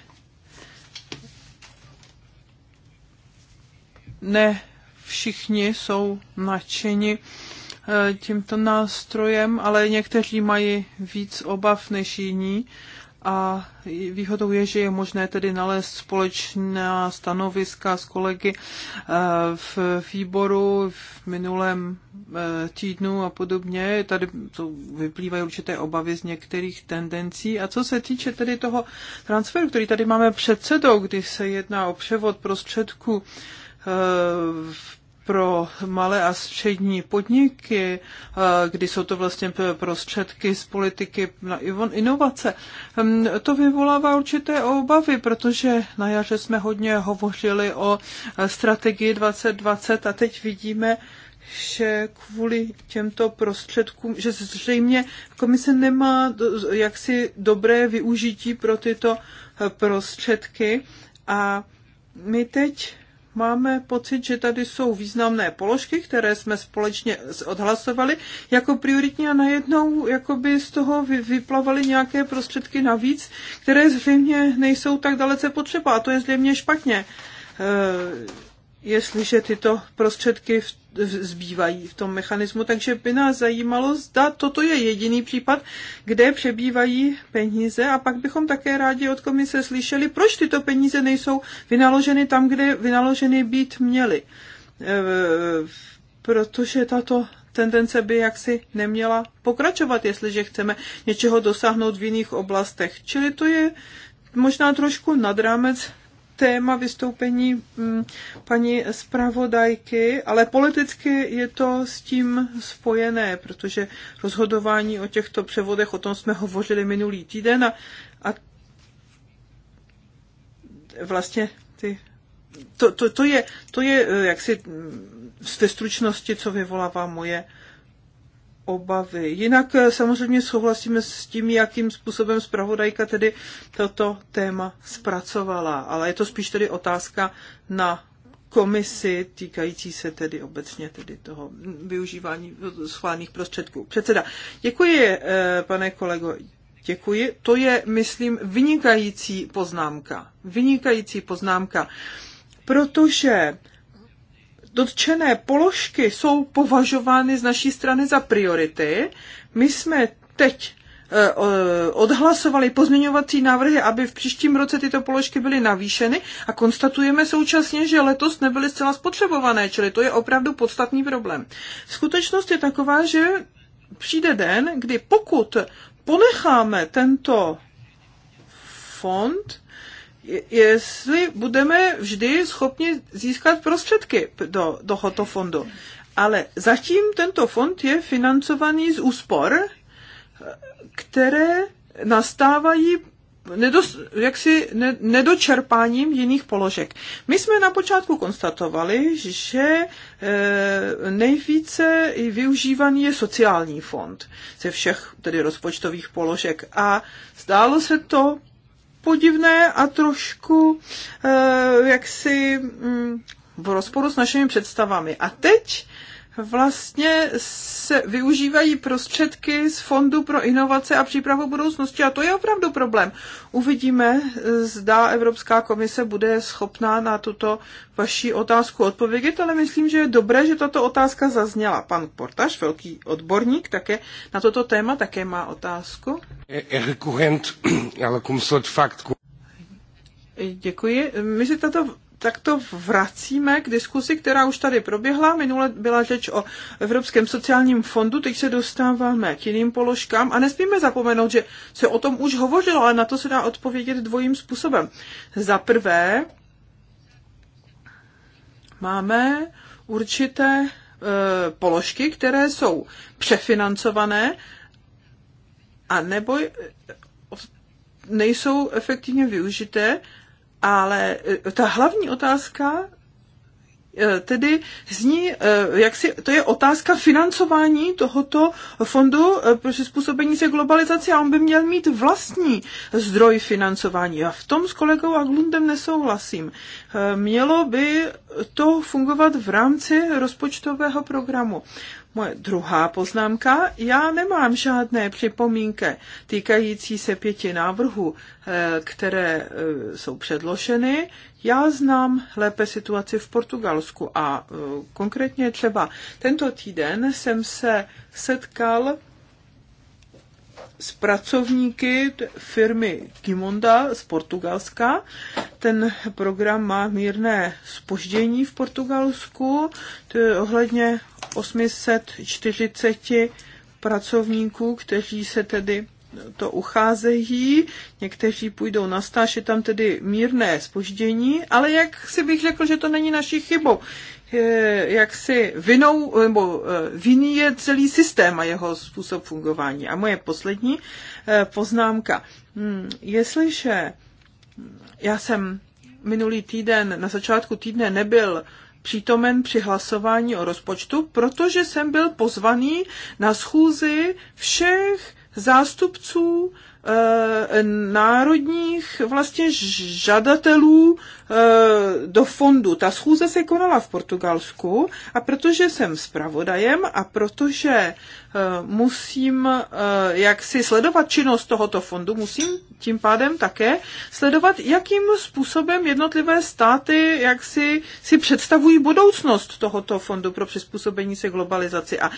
ne všichni jsou nadšeni eh, tímto nástrojem, ale někteří mají víc obav než jiní a výhodou je, že je možné tedy nalézt společná stanoviska s kolegy eh, v výboru v minulém eh, týdnu a podobně. Tady vyplývají určité obavy z některých tendencí. A co se týče tedy toho transferu, který tady máme před kdy se jedná o převod prostředků v pro malé a střední podniky, eh, kdy jsou to vlastně prostředky z politiky na inovace, ehm, to vyvolává určité obavy, protože na jaře jsme hodně hovořili o eh, strategii 2020 a teď vidíme, že kvůli těmto prostředkům, že zřejmě komise nemá jaksi dobré využití pro tyto eh, prostředky a my teď máme pocit, že tady jsou významné položky, které jsme společně odhlasovali jako prioritní a najednou jakoby z toho vyplavaly nějaké prostředky navíc, které zřejmě nejsou tak dalece potřeba a to je zřejmě špatně. Eh, jestliže tyto prostředky v, v, zbývají v tom mechanismu. Takže by nás zajímalo, zda toto je jediný případ, kde přebývají peníze a pak bychom také rádi od komise slyšeli, proč tyto peníze nejsou vynaloženy tam, kde vynaloženy být měly. E, protože tato tendence by jaksi neměla pokračovat, jestliže chceme něčeho dosáhnout v jiných oblastech. Čili to je možná trošku nad rámec téma vystoupení mm, paní zpravodajky, ale politicky je to s tím spojené, protože rozhodování o těchto převodech, o tom jsme hovořili minulý týden a, a vlastně ty, to, to, to, je, to je eh, jaksi ve mm, stručnosti, co vyvolává moje obavy. Jinak eh, samozřejmě souhlasíme s tím, jakým způsobem zpravodajka tedy toto téma zpracovala, ale je to spíš tedy otázka na komisi týkající se tedy obecně tedy toho využívání schválených prostředků. Předseda, děkuji, eh, pane kolego, děkuji. To je, myslím, vynikající poznámka. Vynikající poznámka, protože dotčené položky jsou považovány z naší strany za priority. My jsme teď eh, eh, odhlasovali pozměňovací návrhy, aby v příštím roce tyto položky byly navýšeny a konstatujeme současně, že letos nebyly zcela spotřebované, čili to je opravdu podstatný problém. Skutečnost je taková, že přijde den, kdy pokud ponecháme tento fond, jestli budeme vždy schopni získat prostředky do tohoto fondu. Ale zatím tento fond je financovaný z úspor, které nastávají nedos, jaksi ne, nedočerpáním jiných položek. My jsme na počátku konstatovali, že e, nejvíce využívaný je sociální fond ze všech tedy rozpočtových položek a zdálo se to podivné a trošku eh, jaksi mm, v rozporu s našimi představami. A teď vlastně se využívají prostředky z Fondu pro inovace a přípravu budoucnosti. A to je opravdu problém. Uvidíme, zda Evropská komise bude schopná na tuto vaši otázku odpovědět, ale myslím, že je dobré, že tato otázka zazněla. Pan Portaš, velký odborník, také na toto téma také má otázku. Děkuji. Myslím, tato tak to vracíme k diskusi, která už tady proběhla. Minule byla řeč o Evropském sociálním fondu, teď se dostáváme k jiným položkám a nesmíme zapomenout, že se o tom už hovořilo, ale na to se dá odpovědět dvojím způsobem. Za prvé, máme určité e, položky, které jsou přefinancované a nebo e, nejsou efektivně využité ale eh, ta hlavní otázka eh, tedy zní, eh, jak si, to je otázka financování tohoto fondu pro přizpůsobení se globalizaci a on by měl mít vlastní zdroj financování. Já v tom s kolegou Aglundem nesouhlasím. Mělo by to fungovat v rámci rozpočtového programu. Moje druhá poznámka, já nemám žádné připomínky týkající se pěti návrhů, eh, které eh, jsou předloženy. Já znám lépe situaci v Portugalsku a eh, konkrétně třeba tento týden jsem se setkal s pracovníky firmy Kimonda z Portugalska, ten program má mírné spoždění v Portugalsku, to je ohledně 840 pracovníků, kteří se tedy to ucházejí, někteří půjdou na stáž, je tam tedy mírné spoždění, ale jak si bych řekl, že to není naší chybou. Jak si vinou, nebo eh, viní je celý systém a jeho způsob fungování. A moje poslední eh, poznámka. Hmm, jestliže já jsem minulý týden, na začátku týdne nebyl přítomen při hlasování o rozpočtu, protože jsem byl pozvaný na schůzi všech zástupců e, národních vlastně žadatelů E, do fondu. Ta schůze se konala v Portugalsku a protože jsem zpravodajem a protože e, musím e, jak si sledovat činnost tohoto fondu, musím tím pádem také sledovat, jakým způsobem jednotlivé státy jak si, si představují budoucnost tohoto fondu pro přizpůsobení se globalizaci. A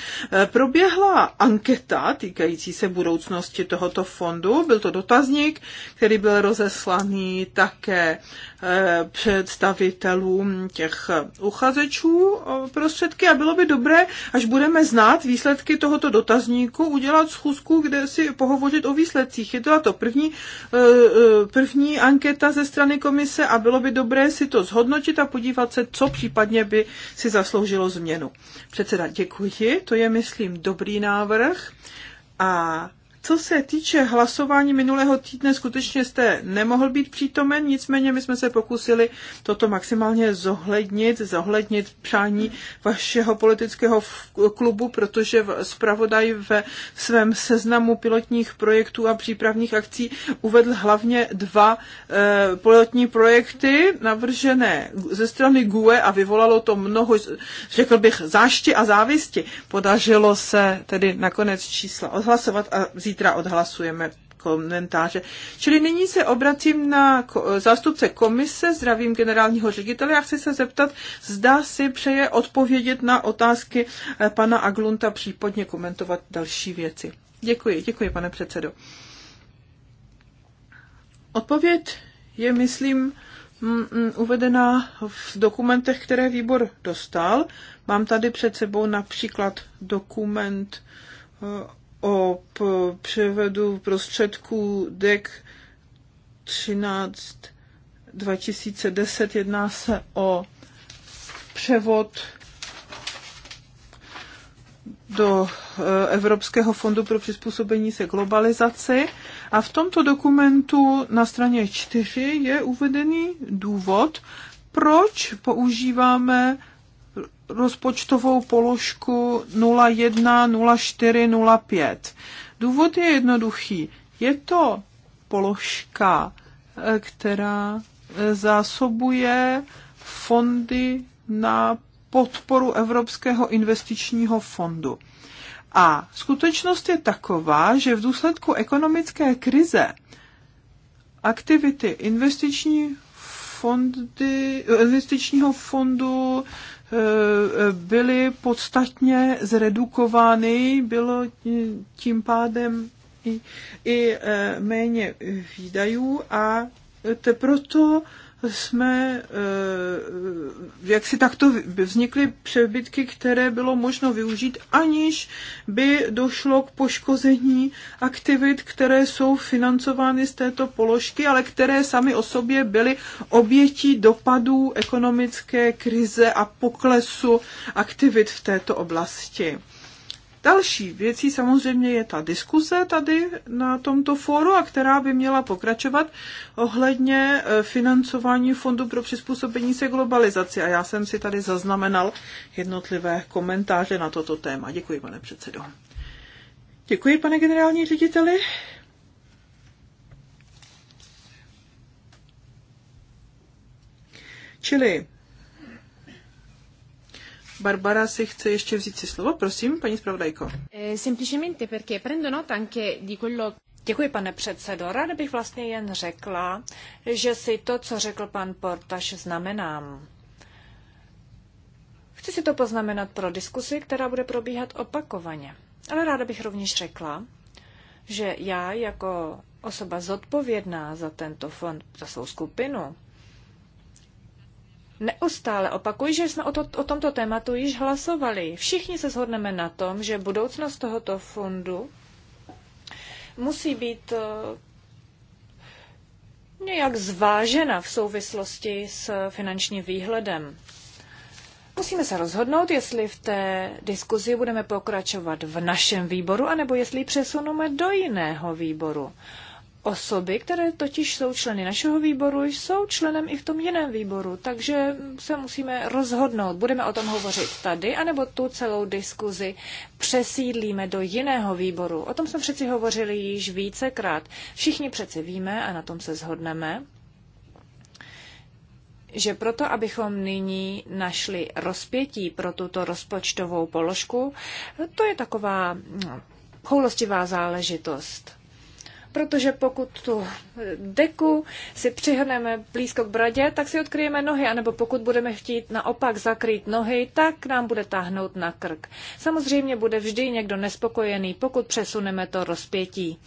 proběhla anketa týkající se budoucnosti tohoto fondu. Byl to dotazník, který byl rozeslaný také Eh, představitelům těch uchazečů o prostředky a bylo by dobré, až budeme znát výsledky tohoto dotazníku, udělat schůzku, kde si pohovořit o výsledcích. Je to to první, eh, eh, první anketa ze strany komise a bylo by dobré si to zhodnotit a podívat se, co případně by si zasloužilo změnu. Předseda, děkuji, to je, myslím, dobrý návrh. A co se týče hlasování minulého týdne, skutečně jste nemohl být přítomen, nicméně my jsme se pokusili toto maximálně zohlednit, zohlednit přání vašeho politického klubu, protože zpravodaj ve svém seznamu pilotních projektů a přípravných akcí uvedl hlavně dva e, pilotní projekty navržené ze strany GUE a vyvolalo to mnoho, řekl bych, zášti a závisti. Podařilo se tedy nakonec čísla odhlasovat a vzít zítra odhlasujeme komentáře. Čili nyní se obracím na zástupce komise, zdravím generálního ředitele a chci se zeptat, zda si přeje odpovědět na otázky eh, pana Aglunta, případně komentovat další věci. Děkuji, děkuji, pane předsedo. Odpověď je, myslím, mm, mm, uvedená v dokumentech, které výbor dostal. Mám tady před sebou například dokument eh, o převedu prostředků DEC 13 2010. Jedná se o převod do e, Evropského fondu pro přizpůsobení se globalizaci. A v tomto dokumentu na straně 4 je uvedený důvod, proč používáme rozpočtovou položku 010405. Důvod je jednoduchý. Je to položka, eh, která eh, zásobuje fondy na podporu Evropského investičního fondu. A skutečnost je taková, že v důsledku ekonomické krize aktivity investiční fondy, investičního fondu eh, byly podstatně zredukovány, bylo tím pádem i, i eh, méně výdajů a te proto jsme eh, jak si takto vznikly přebytky, které bylo možno využít, aniž by došlo k poškození aktivit, které jsou financovány z této položky, ale které sami o sobě byly obětí dopadů ekonomické krize a poklesu aktivit v této oblasti. Další věcí samozřejmě je ta diskuse tady na tomto fóru, a která by měla pokračovat ohledně e, financování Fondu pro přizpůsobení se globalizaci. A já jsem si tady zaznamenal jednotlivé komentáře na toto téma. Děkuji, pane předsedo. Děkuji, pane generální řediteli. Čili Barbara si chce ještě vzít si slovo, prosím, paní zpravodajko. Eh, semplicemente perché prendo nota anche di quello Děkuji, pane předsedo. Ráda bych vlastně jen řekla, že si to, co řekl pan Portaš, znamenám. Chci si to poznamenat pro diskusi, která bude probíhat opakovaně. Ale ráda bych rovněž řekla, že já jako osoba zodpovědná za tento fond, za svou skupinu, Neustále opakuji, že jsme o, to, o tomto tématu již hlasovali. Všichni se shodneme na tom, že budoucnost tohoto fondu musí být eh, nějak zvážena v souvislosti s finančním výhledem. Musíme se rozhodnout, jestli v té diskuzi budeme pokračovat v našem výboru, anebo jestli ji přesuneme do jiného výboru osoby, které totiž jsou členy našeho výboru, jsou členem i v tom jiném výboru, takže se musíme rozhodnout. Budeme o tom hovořit tady, anebo tu celou diskuzi přesídlíme do jiného výboru. O tom jsme přeci hovořili již vícekrát. Všichni přeci víme a na tom se zhodneme, že proto, abychom nyní našli rozpětí pro tuto rozpočtovou položku, to je taková no, choulostivá záležitost protože pokud tu deku si přihrneme blízko k bradě, tak si odkryjeme nohy, anebo pokud budeme chtít naopak zakrýt nohy, tak nám bude táhnout na krk. Samozřejmě bude vždy někdo nespokojený, pokud přesuneme to rozpětí.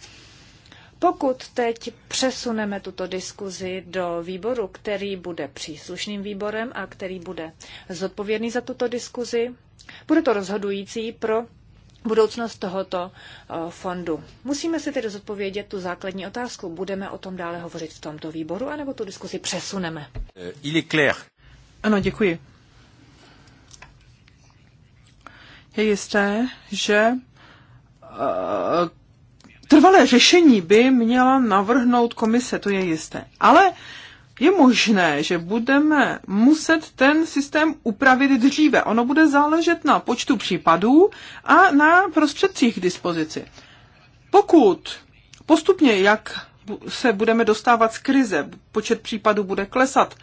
Pokud teď přesuneme tuto diskuzi do výboru, který bude příslušným výborem a který bude zodpovědný za tuto diskuzi, bude to rozhodující pro budoucnost tohoto eh, fondu. Musíme si tedy zodpovědět tu základní otázku. Budeme o tom dále hovořit v tomto výboru, anebo tu diskusi přesuneme? Eh, il est clair. Ano, děkuji. Je jisté, že eh, trvalé řešení by měla navrhnout komise, to je jisté. Ale je možné, že budeme muset ten systém upravit dříve. Ono bude záležet na počtu případů a na prostředcích k dispozici. Pokud postupně, jak se budeme dostávat z krize, počet případů bude klesat,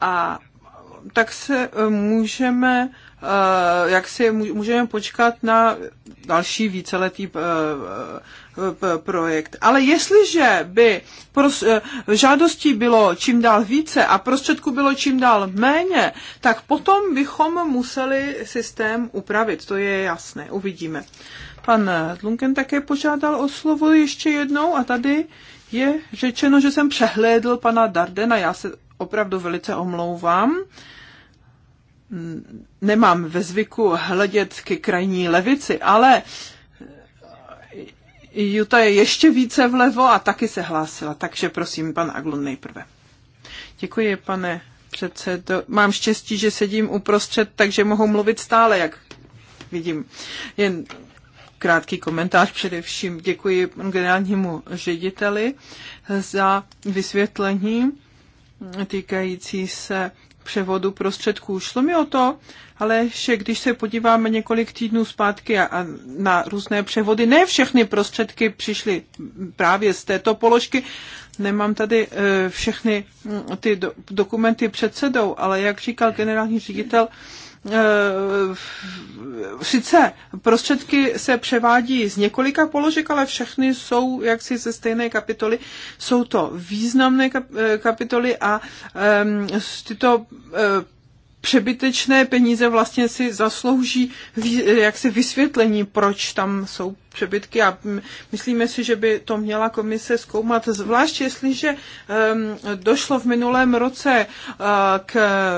a tak se e, můžeme Eh, jak si můžeme počkat na další víceletý eh, eh, projekt. Ale jestliže by žádostí bylo čím dál více a prostředku bylo čím dál méně, tak potom bychom museli systém upravit. To je jasné, uvidíme. Pan Tlunken také požádal o slovo ještě jednou a tady je řečeno, že jsem přehlédl pana Dardena. Já se opravdu velice omlouvám nemám ve zvyku hledět ke krajní levici, ale Juta je ještě více vlevo a taky se hlásila, takže prosím, pan Aglun nejprve. Děkuji, pane předsedo. Mám štěstí, že sedím uprostřed, takže mohu mluvit stále, jak vidím. Jen krátký komentář především. Děkuji generálnímu řediteli za vysvětlení týkající se převodu prostředků. Šlo mi o to, ale že když se podíváme několik týdnů zpátky a, a na různé převody, ne všechny prostředky přišly právě z této položky. Nemám tady e, všechny ty do, dokumenty před sedou, ale jak říkal generální ředitel, e, Eh, sice prostředky se převádí z několika položek, ale všechny jsou jaksi ze stejné kapitoly. Jsou to významné eh, kapitoly a ehm, tyto eh, přebytečné peníze vlastně si zaslouží jaksi vysvětlení, proč tam jsou přebytky a myslíme si, že by to měla komise zkoumat, zvlášť jestliže došlo v minulém roce eh, k,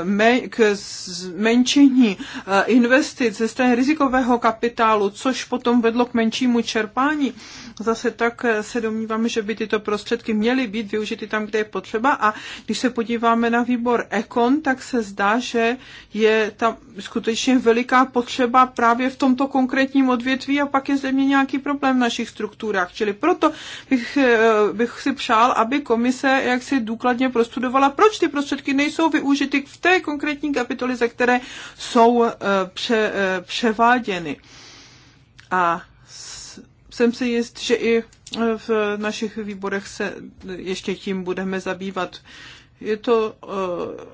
me, k zmenšení eh, investic ze strany rizikového kapitálu, což potom vedlo k menšímu čerpání. Zase tak eh, se domníváme, že by tyto prostředky měly být využity tam, kde je potřeba a když se podíváme na výbor Econ, tak se zdá, že je tam skutečně veliká potřeba právě v tomto konkrétním odvětví a pak je zde mě nějak nějaký problém v našich strukturách. Čili proto bych, eh, bych si přál, aby komise jak si důkladně prostudovala, proč ty prostředky nejsou využity v té konkrétní kapitoli, ze které jsou eh, pře, eh, převáděny. A jsem si jist, že i v našich výborech se ještě tím budeme zabývat je to, eh,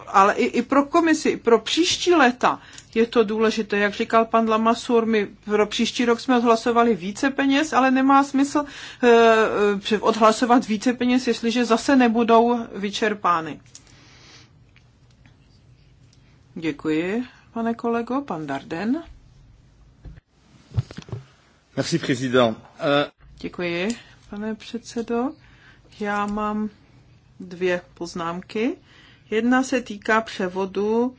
ale i, i pro komisi, pro příští léta je to důležité. Jak říkal pan Lamasur, my pro příští rok jsme odhlasovali více peněz, ale nemá smysl eh, eh, odhlasovat více peněz, jestliže zase nebudou vyčerpány. Děkuji, pane kolego. Pan Darden. Merci, président. Euh, Děkuji, pane předsedo. Já mám dvě poznámky. Jedna se týká převodu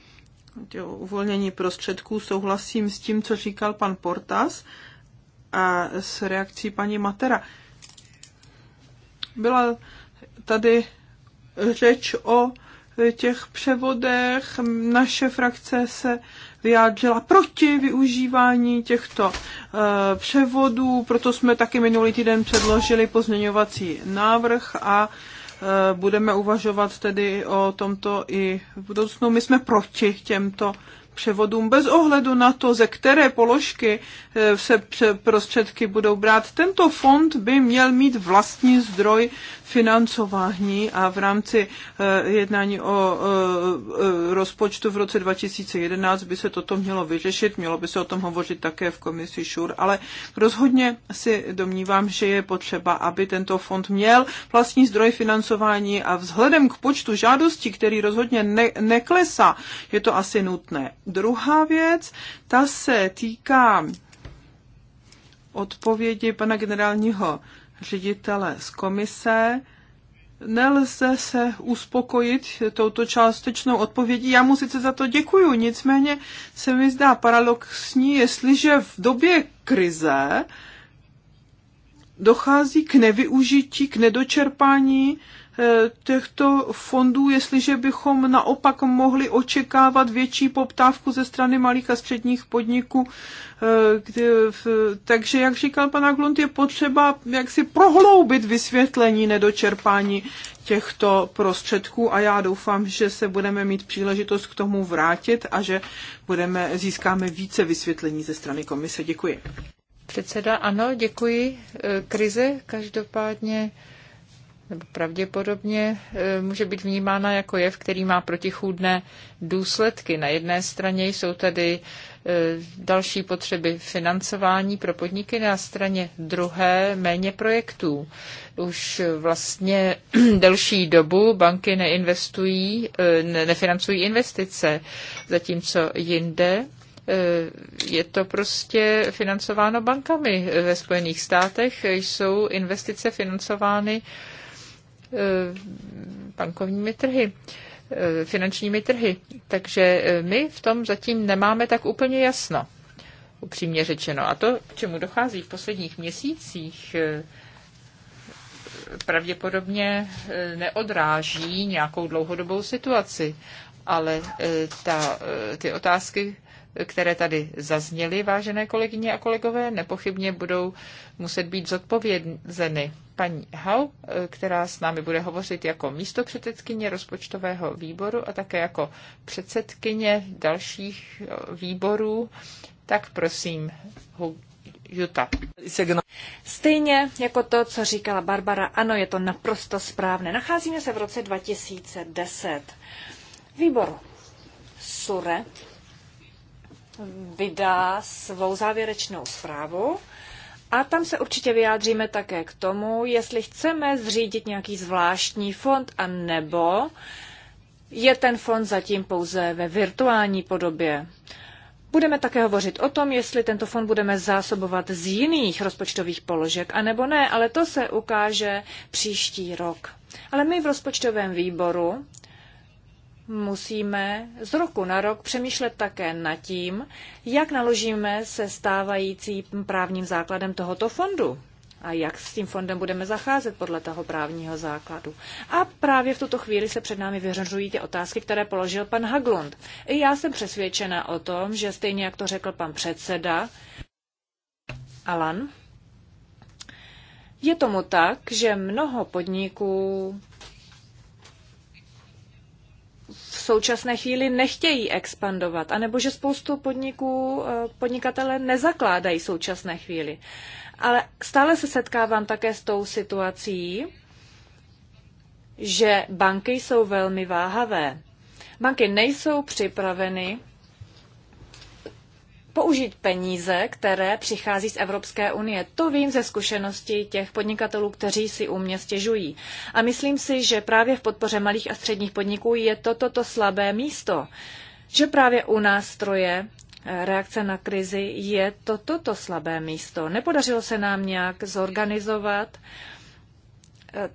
uvolnění prostředků. Souhlasím s tím, co říkal pan Portas a s reakcí paní Matera. Byla tady řeč o těch převodech. Naše frakce se vyjádřila proti využívání těchto eh, převodů, proto jsme taky minulý týden předložili pozměňovací návrh a Eh, budeme uvažovat tedy o tomto i v budoucnu. My jsme proti těmto převodům bez ohledu na to, ze které položky eh, se prostředky budou brát. Tento fond by měl mít vlastní zdroj financování a v rámci eh, jednání o eh, rozpočtu v roce 2011 by se toto mělo vyřešit, mělo by se o tom hovořit také v komisi ŠUR, ale rozhodně si domnívám, že je potřeba, aby tento fond měl vlastní zdroj financování a vzhledem k počtu žádostí, který rozhodně ne- neklesá, je to asi nutné. Druhá věc, ta se týká odpovědi pana generálního ředitele z komise. Nelze se uspokojit touto částečnou odpovědí. Já mu sice za to děkuju, nicméně se mi zdá paradoxní, jestliže v době krize dochází k nevyužití, k nedočerpání Eh, těchto fondů, jestliže bychom naopak mohli očekávat větší poptávku ze strany malých a středních podniků. Eh, takže, jak říkal pan Aglund, je potřeba jaksi prohloubit vysvětlení nedočerpání těchto prostředků a já doufám, že se budeme mít příležitost k tomu vrátit a že budeme, získáme více vysvětlení ze strany komise. Děkuji. Předseda, ano, děkuji. Eh, krize každopádně nebo pravděpodobně e, může být vnímána jako jev, který má protichůdné důsledky. Na jedné straně jsou tady e, další potřeby financování pro podniky, na straně druhé méně projektů. Už vlastně delší dobu banky neinvestují, e, nefinancují investice, zatímco jinde je to prostě financováno bankami. Ve Spojených státech jsou investice financovány Eh, bankovními trhy eh, finančními trhy. Takže eh, my v tom zatím nemáme tak úplně jasno, upřímně řečeno. A to, k čemu dochází v posledních měsících, pravděpodobně neodráží nějakou dlouhodobou situaci. Ale ta, ty otázky které tady zazněly, vážené kolegyně a kolegové, nepochybně budou muset být zodpovězeny. Paní Hau, která s námi bude hovořit jako místopředsedkyně rozpočtového výboru a také jako předsedkyně dalších eh, výborů, tak prosím, Juta. Stejně jako to, co říkala Barbara, ano, je to naprosto správné. Nacházíme se v roce 2010. Výbor SURE vydá svou závěrečnou zprávu. A tam se určitě vyjádříme také k tomu, jestli chceme zřídit nějaký zvláštní fond, a nebo je ten fond zatím pouze ve virtuální podobě. Budeme také hovořit o tom, jestli tento fond budeme zásobovat z jiných rozpočtových položek, anebo ne, ale to se ukáže příští rok. Ale my v rozpočtovém výboru musíme z roku na rok přemýšlet také nad tím, jak naložíme se stávajícím právním základem tohoto fondu a jak s tím fondem budeme zacházet podle toho právního základu. A právě v tuto chvíli se před námi vyřazují ty otázky, které položil pan Haglund. I já jsem přesvědčena o tom, že stejně jak to řekl pan předseda Alan, je tomu tak, že mnoho podniků současné chvíli nechtějí expandovat, anebo že spoustu podniků eh, podnikatele nezakládají v současné chvíli. Ale stále se setkávám také s tou situací, že banky jsou velmi váhavé. Banky nejsou připraveny použít peníze, které přichází z Evropské unie. To vím ze zkušenosti těch podnikatelů, kteří si u mě stěžují. A myslím si, že právě v podpoře malých a středních podniků je toto to, to slabé místo. Že právě u nástroje eh, reakce na krizi je toto to, to slabé místo. Nepodařilo se nám nějak zorganizovat eh,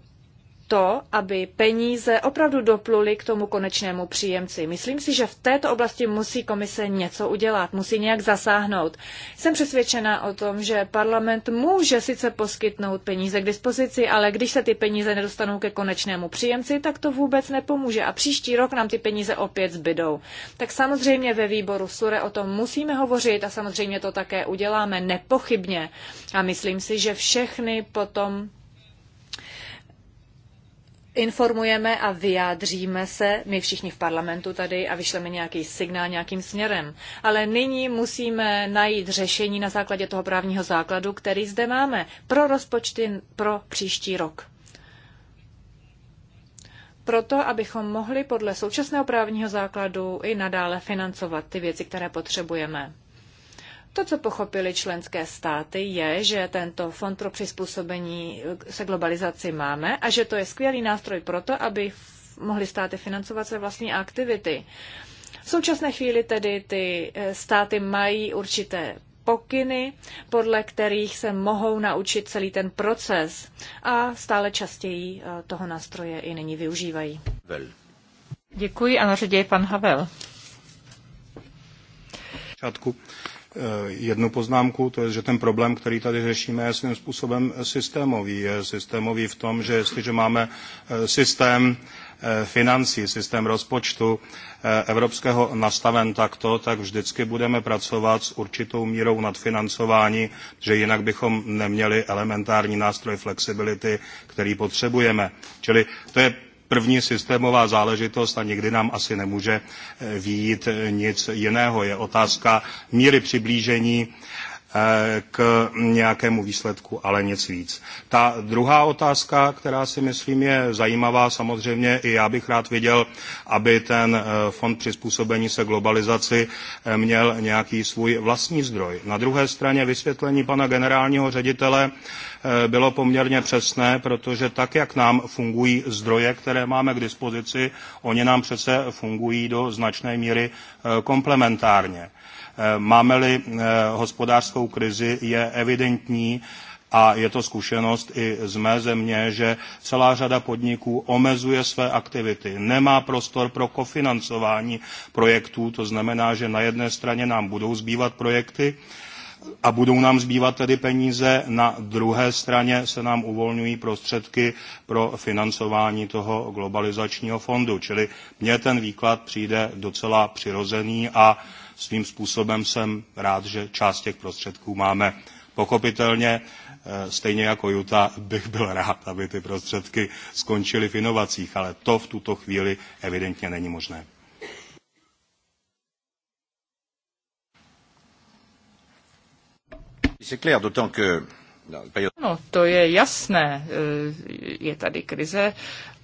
to, aby peníze opravdu dopluly k tomu konečnému příjemci. Myslím si, že v této oblasti musí komise něco udělat, musí nějak zasáhnout. Jsem přesvědčena o tom, že parlament může sice poskytnout peníze k dispozici, ale když se ty peníze nedostanou ke konečnému příjemci, tak to vůbec nepomůže a příští rok nám ty peníze opět zbydou. Tak samozřejmě ve výboru SURE o tom musíme hovořit a samozřejmě to také uděláme nepochybně. A myslím si, že všechny potom informujeme a vyjádříme se, my všichni v parlamentu tady, a vyšleme nějaký signál nějakým směrem. Ale nyní musíme najít řešení na základě toho právního základu, který zde máme pro rozpočty pro příští rok. Proto, abychom mohli podle současného právního základu i nadále financovat ty věci, které potřebujeme. To, co pochopili členské státy, je, že tento fond pro přizpůsobení se globalizaci máme a že to je skvělý nástroj pro to, aby mohly státy financovat své vlastní aktivity. V současné chvíli tedy ty eh, státy mají určité pokyny, podle kterých se mohou naučit celý ten proces a stále častěji eh, toho nástroje i nyní využívají. Děkuji a na řadě je pan Havel. Čátku. Eh, jednu poznámku, to je, že ten problém, který tady řešíme, je svým způsobem systémový. Je systémový v tom, že jestliže máme eh, systém eh, financí, systém rozpočtu evropského nastaven takto, tak vždycky budeme pracovat s určitou mírou nadfinancování, že jinak bychom neměli elementární nástroj flexibility, který potřebujeme. Čili to je první systémová záležitost a nikdy nám asi nemůže eh, výjít eh, nic jiného. Je otázka míry přiblížení Eh, k nějakému výsledku, ale nic víc. Ta druhá otázka, která si myslím je zajímavá, samozřejmě i já bych rád viděl, aby ten eh, fond přizpůsobení se globalizaci eh, měl nějaký svůj vlastní zdroj. Na druhé straně vysvětlení pana generálního ředitele bylo poměrně přesné, protože tak, jak nám fungují zdroje, které máme k dispozici, oni nám přece fungují do značné míry komplementárně. Máme-li eh, hospodářskou krizi, je evidentní, a je to zkušenost i z mé země, že celá řada podniků omezuje své aktivity, nemá prostor pro kofinancování projektů, to znamená, že na jedné straně nám budou zbývat projekty, a budou nám zbývat tedy peníze, na druhé straně se nám uvolňují prostředky pro financování toho globalizačního fondu. Čili mně ten výklad přijde docela přirozený a Svým způsobem jsem rád, že část těch prostředků máme. Pochopitelně, eh, stejně jako Juta, bych byl rád, aby ty prostředky skončily v inovacích, ale to v tuto chvíli evidentně není možné. No, to je jasné. Eh, je tady krize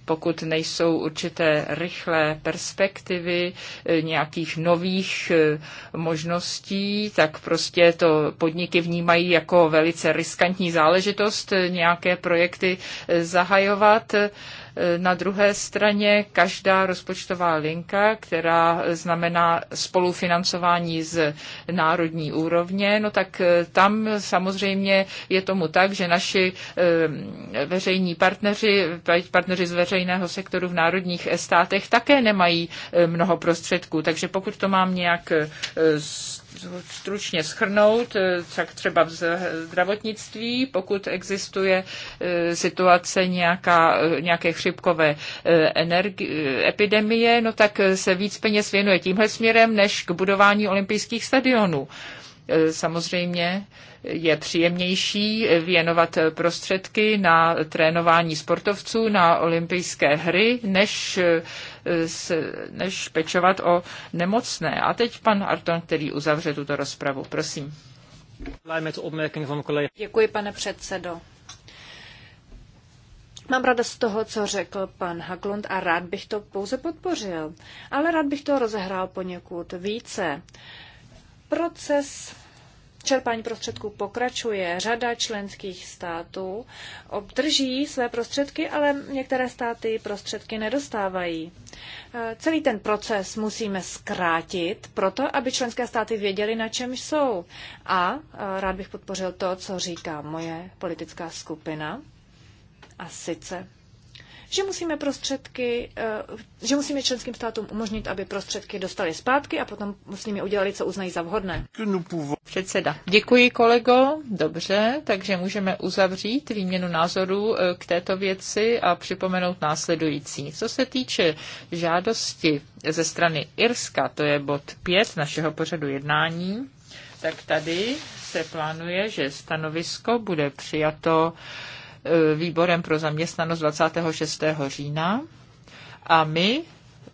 pokud nejsou určité rychlé perspektivy eh, nějakých nových eh, možností, tak prostě to podniky vnímají jako velice riskantní záležitost eh, nějaké projekty zahajovat na druhé straně každá rozpočtová linka, která znamená spolufinancování z národní úrovně, no tak eh, tam samozřejmě je tomu tak, že naši eh, veřejní partneři, partneři z veřejného sektoru v národních státech také nemají eh, mnoho prostředků. Takže pokud to mám nějak stručně schrnout, eh, tak třeba v zdravotnictví, pokud existuje eh, situace nějaká, eh, nějaké chřipkové energi- epidemie, no tak se víc peněz věnuje tímhle směrem, než k budování olympijských stadionů. Samozřejmě je příjemnější věnovat prostředky na trénování sportovců na olympijské hry, než, než pečovat o nemocné. A teď pan Arton, který uzavře tuto rozpravu. Prosím. Děkuji, pane předsedo. Mám ráda z toho, co řekl pan Haglund a rád bych to pouze podpořil, ale rád bych to rozehrál poněkud více. Proces čerpání prostředků pokračuje. Řada členských států obdrží své prostředky, ale některé státy prostředky nedostávají. Eh, celý ten proces musíme zkrátit proto, aby členské státy věděly, na čem jsou. A eh, rád bych podpořil to, co říká moje politická skupina. A sice že musíme prostředky, eh, že musíme členským státům umožnit, aby prostředky dostali zpátky a potom s nimi udělali, co uznají za vhodné. Předseda. Děkuji, kolego. Dobře, takže můžeme uzavřít výměnu názorů eh, k této věci a připomenout následující. Co se týče žádosti ze strany Irska, to je bod 5 našeho pořadu jednání, tak tady se plánuje, že stanovisko bude přijato Eh, výborem pro zaměstnanost 26. října a my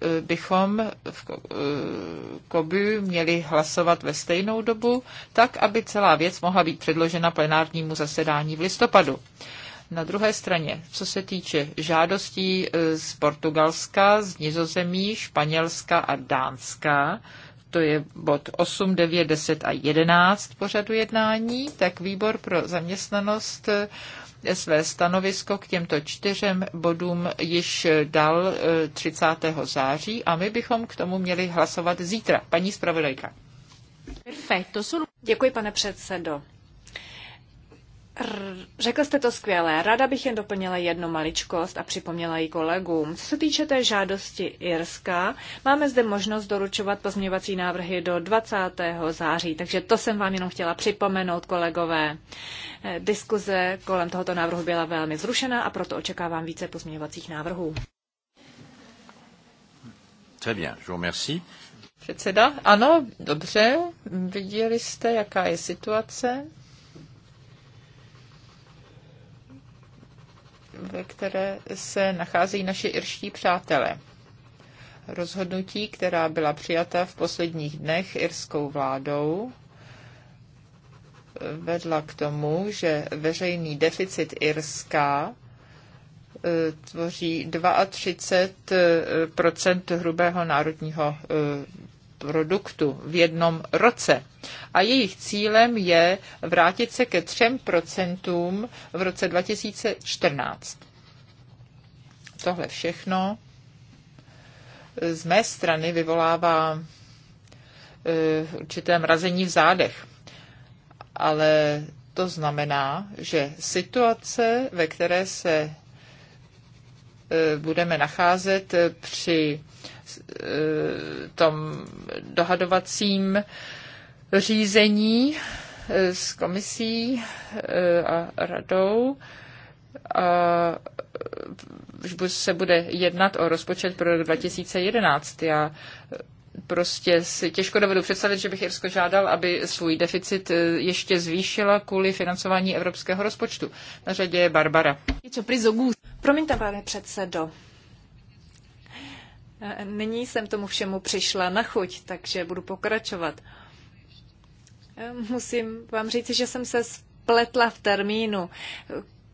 eh, bychom v eh, Kobu měli hlasovat ve stejnou dobu, tak aby celá věc mohla být předložena plenárnímu zasedání v listopadu. Na druhé straně, co se týče žádostí z Portugalska, z Nizozemí, Španělska a Dánska, to je bod 8, 9, 10 a 11 pořadu jednání, tak výbor pro zaměstnanost své stanovisko k těmto čtyřem bodům již dal 30. Eh, září a my bychom k tomu měli hlasovat zítra. Paní zpravodajka. Děkuji, pane předsedo. Řekl jste to skvěle. Ráda bych jen doplnila jednu maličkost a připomněla ji kolegům. Co se týče té žádosti Irska, máme zde možnost doručovat pozměňovací návrhy do 20. září, takže to jsem vám jenom chtěla připomenout, kolegové. Eh, diskuze kolem tohoto návrhu byla velmi zrušená a proto očekávám více pozměňovacích návrhů. Très bien, je vous remercie. Předseda, ano, dobře, viděli jste, jaká je situace. ve které se nacházejí naši irští přátelé. Rozhodnutí, která byla přijata v posledních dnech irskou vládou, vedla k tomu, že veřejný deficit Irska e, tvoří 32 e, hrubého národního e, produktu v jednom roce. A jejich cílem je vrátit se ke 3% v roce 2014. Tohle všechno z mé strany vyvolává eh, určité mrazení v zádech. Ale to znamená, že situace, ve které se Eh, budeme nacházet eh, při eh, tom dohadovacím řízení s komisí a radou. A se bude jednat o rozpočet pro rok 2011. Já prostě si těžko dovedu představit, že bych Irsko žádal, aby svůj deficit ještě zvýšila kvůli financování evropského rozpočtu. Na řadě je Barbara. Promiňte, pane předsedo. Nyní jsem tomu všemu přišla na chuť, takže budu pokračovat. Musím vám říct, že jsem se spletla v termínu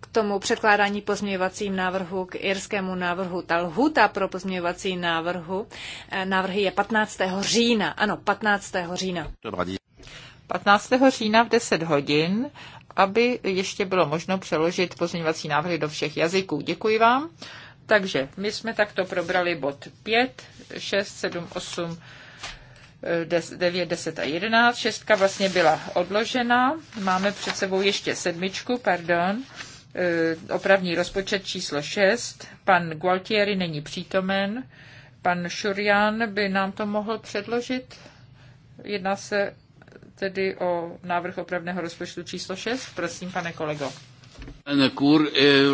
k tomu předkládání pozměňovacím návrhu k irskému návrhu. Ta lhuta pro pozměňovací návrhu, návrhy je 15. října. Ano, 15. října. 15. října v 10 hodin aby ještě bylo možno přeložit pozměňovací návrhy do všech jazyků. Děkuji vám. Takže my jsme takto probrali bod 5, 6, 7, 8, 9, 10 a 11. Šestka vlastně byla odložena. Máme před sebou ještě sedmičku, pardon. E, Opravní rozpočet číslo 6. Pan Gualtieri není přítomen. Pan Šurian by nám to mohl předložit. Jedná se tedy o návrh opravného rozpočtu číslo 6. Prosím, pane kolego. Elnök úr,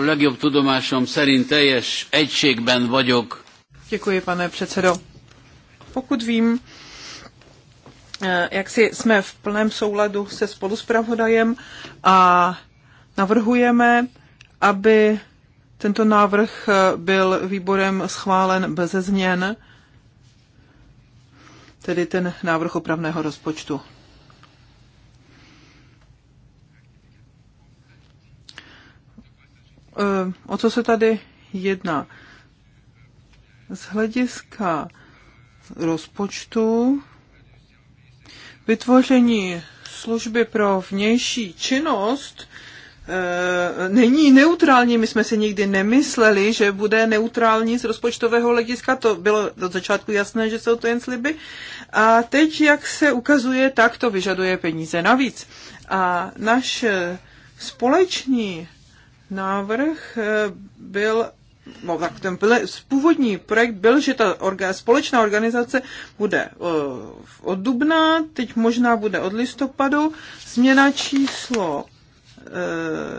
legjobb tudomásom szerint teljes egységben vagyok. Děkuji, pane předsedo. Pokud vím, eh, jak si jsme v plném souladu se spoluspravodajem a navrhujeme, aby tento návrh eh, byl výborem schválen bez změn, tedy ten návrh opravného rozpočtu. Eh, o co se tady jedná. Z hlediska rozpočtu vytvoření služby pro vnější činnost eh, není neutrální. My jsme si nikdy nemysleli, že bude neutrální z rozpočtového hlediska. To bylo do začátku jasné, že jsou to jen sliby. A teď, jak se ukazuje, tak to vyžaduje peníze navíc. A naš společný návrh eh, byl no, tak ten byl, původní projekt byl, že ta orga, společná organizace bude uh, od dubna, teď možná bude od listopadu. Změna číslo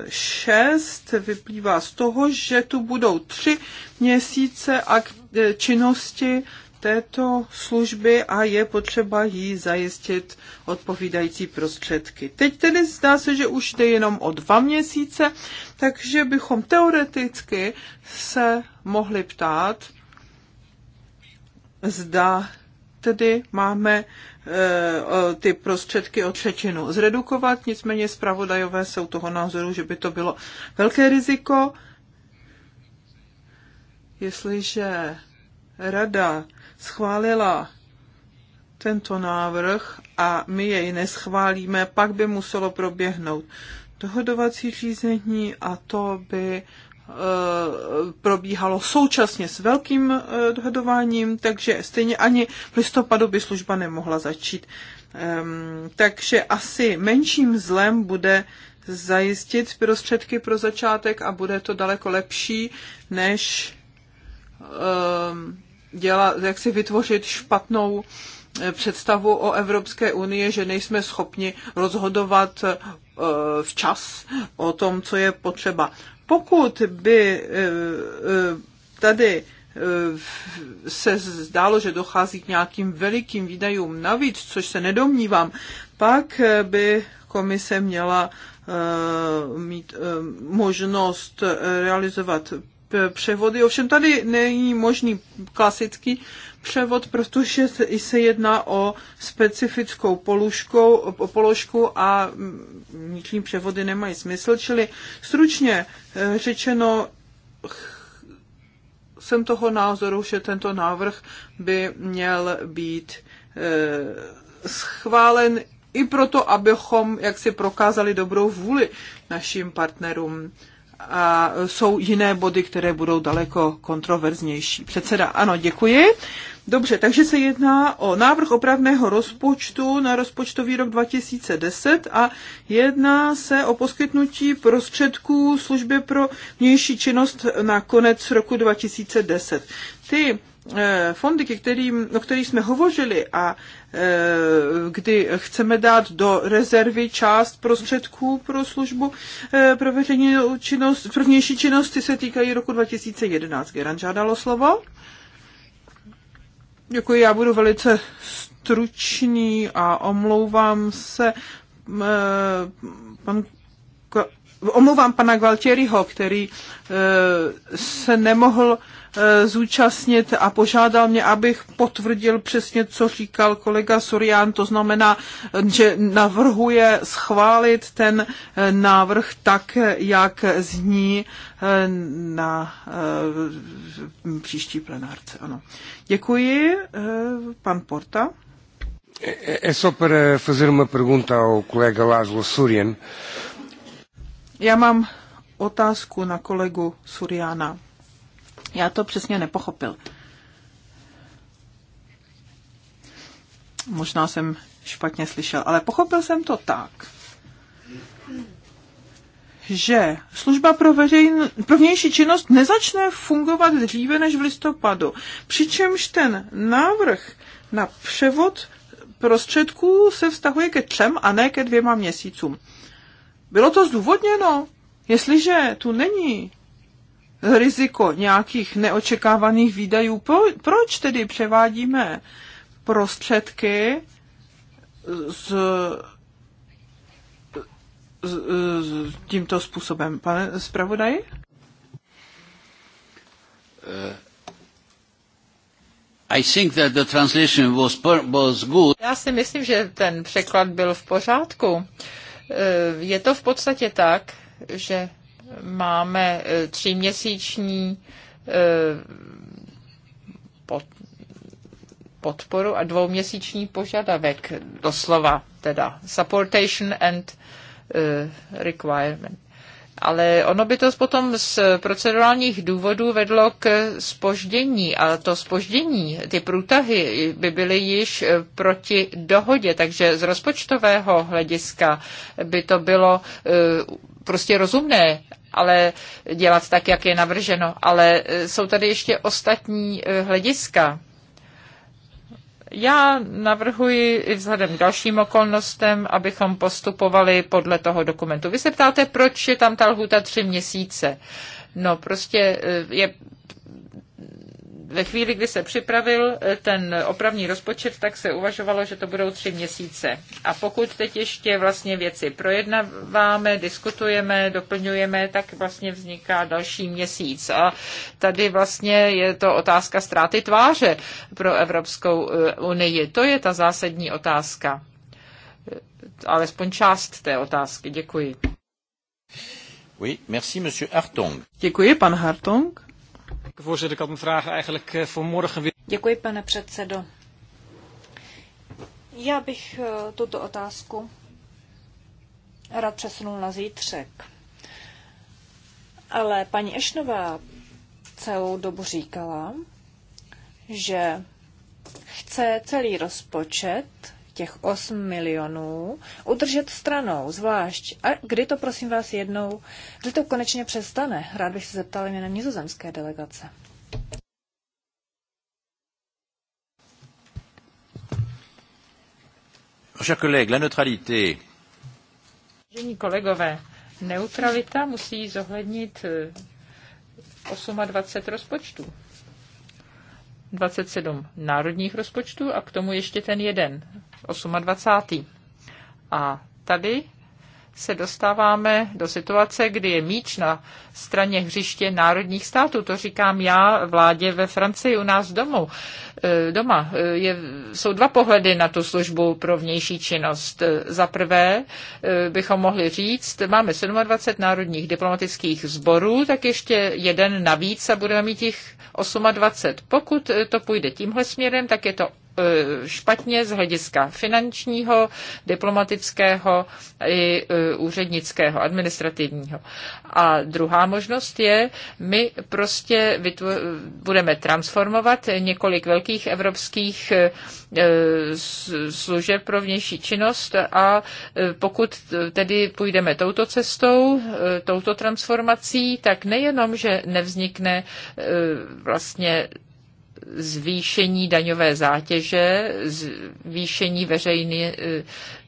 6 eh, vyplývá z toho, že tu budou tři měsíce ak- činnosti této služby a je potřeba jí zajistit odpovídající prostředky. Teď tedy zdá se, že už jde jenom o dva měsíce, takže bychom teoreticky se mohli ptát, zda tedy máme eh, ty prostředky o třetinu zredukovat, nicméně zpravodajové jsou toho názoru, že by to bylo velké riziko, jestliže rada schválila tento návrh a my jej neschválíme, pak by muselo proběhnout dohodovací řízení a to by e, probíhalo současně s velkým e, dohodováním, takže stejně ani v listopadu by služba nemohla začít. Takže asi menším zlem bude zajistit prostředky pro začátek a bude to daleko lepší, než dělat, jak si vytvořit špatnou eh, představu o Evropské unii, že nejsme schopni rozhodovat eh, včas o tom, co je potřeba. Pokud by eh, tady se zdálo, že dochází k nějakým velikým výdajům navíc, což se nedomnívám, pak by komise měla mít možnost realizovat převody. Ovšem tady není možný klasický převod, protože se jedná o specifickou polužkou, o položku a vnitřní převody nemají smysl. Čili stručně eh, řečeno, jsem toho názoru, že tento návrh by měl být eh, schválen i proto, abychom jaksi prokázali dobrou vůli našim partnerům a jsou jiné body, které budou daleko kontroverznější. Předseda, ano, děkuji. Dobře, takže se jedná o návrh opravného rozpočtu na rozpočtový rok 2010 a jedná se o poskytnutí prostředků služby pro vnější činnost na konec roku 2010. Ty eh, fondy, kterým, o kterých jsme hovořili a Eh, kdy chceme dát do rezervy část prostředků pro službu eh, pro veřejní činnost, Prvnější činnosti se týkají roku 2011. Geran žádalo slovo. Děkuji, já budu velice stručný a omlouvám se eh, pan omlouvám pana Gualtieriho, který se nemohl Eh, zúčastnit a požádal mě, abych potvrdil přesně, co říkal kolega Surian, to znamená, že navrhuje schválit ten eh, návrh tak, jak zní eh, na příští plenárce. Ano. Děkuji, pan Porta. É só para fazer uma pergunta ao colega Laszlo Surian. Já mám otázku na kolegu Suriana. Já to přesně nepochopil. Možná jsem špatně slyšel, ale pochopil jsem to tak, že služba pro, veřejn, pro vnější činnost nezačne fungovat dříve než v listopadu. Přičemž ten návrh na převod prostředků se vztahuje ke třem a ne ke dvěma měsícům. Bylo to zdůvodněno. Jestliže tu není riziko nějakých neočekávaných výdajů. Proč tedy převádíme prostředky z, z, z tímto způsobem, pane zpravodaji? Uh, I think that the translation was, was good. Já si myslím, že ten překlad byl v pořádku. Uh, je to v podstatě tak, že máme e, tříměsíční e, podporu a dvouměsíční požadavek, doslova teda, supportation and e, requirement. Ale ono by to potom z procedurálních důvodů vedlo k spoždění a to spoždění, ty průtahy by byly již proti dohodě, takže z rozpočtového hlediska by to bylo prostě rozumné, ale dělat tak, jak je navrženo. Ale e, jsou tady ještě ostatní e, hlediska. Já navrhuji i vzhledem k dalším okolnostem, abychom postupovali podle toho dokumentu. Vy se ptáte, proč je tam ta lhůta tři měsíce. No prostě e, je ve chvíli, kdy se připravil eh, ten opravní rozpočet, tak se uvažovalo, že to budou tři měsíce. A pokud teď ještě vlastně věci projednáváme, diskutujeme, doplňujeme, tak vlastně vzniká další měsíc. A tady vlastně je to otázka ztráty tváře pro Evropskou eh, unii. To je ta zásadní otázka. Eh, alespoň část té otázky. Děkuji. Oui, merci, monsieur Hartung. Děkuji, pan Hartong. Děkuji, pane předsedo. Já bych eh, tuto otázku rád přesunul na zítřek. Ale paní Ešnová celou dobu říkala, že chce celý rozpočet těch 8 milionů udržet stranou, zvlášť. A kdy to, prosím vás, jednou, kdy to konečně přestane? Rád bych se zeptal na nizozemské delegace. Vážení kolegové, neutralita musí zohlednit 28 eh, rozpočtů. 27 národních rozpočtů a k tomu ještě ten jeden, 28. A tady se dostáváme do situace, kdy je míč na straně hřiště národních států. To říkám já vládě ve Francii u nás domů. E, doma e, je, jsou dva pohledy na tu službu pro vnější činnost. E, za prvé bychom mohli říct, máme 27 národních diplomatických sborů, tak ještě jeden navíc a budeme mít jich 28. Pokud to půjde tímhle směrem, tak je to E, špatně z hlediska finančního, diplomatického i e, úřednického, administrativního. A druhá možnost je, my prostě budeme transformovat několik velkých evropských e, služeb pro vnější činnost a pokud tedy půjdeme touto cestou, touto transformací, tak nejenom, že nevznikne vlastně zvýšení daňové zátěže, zvýšení veřejné eh,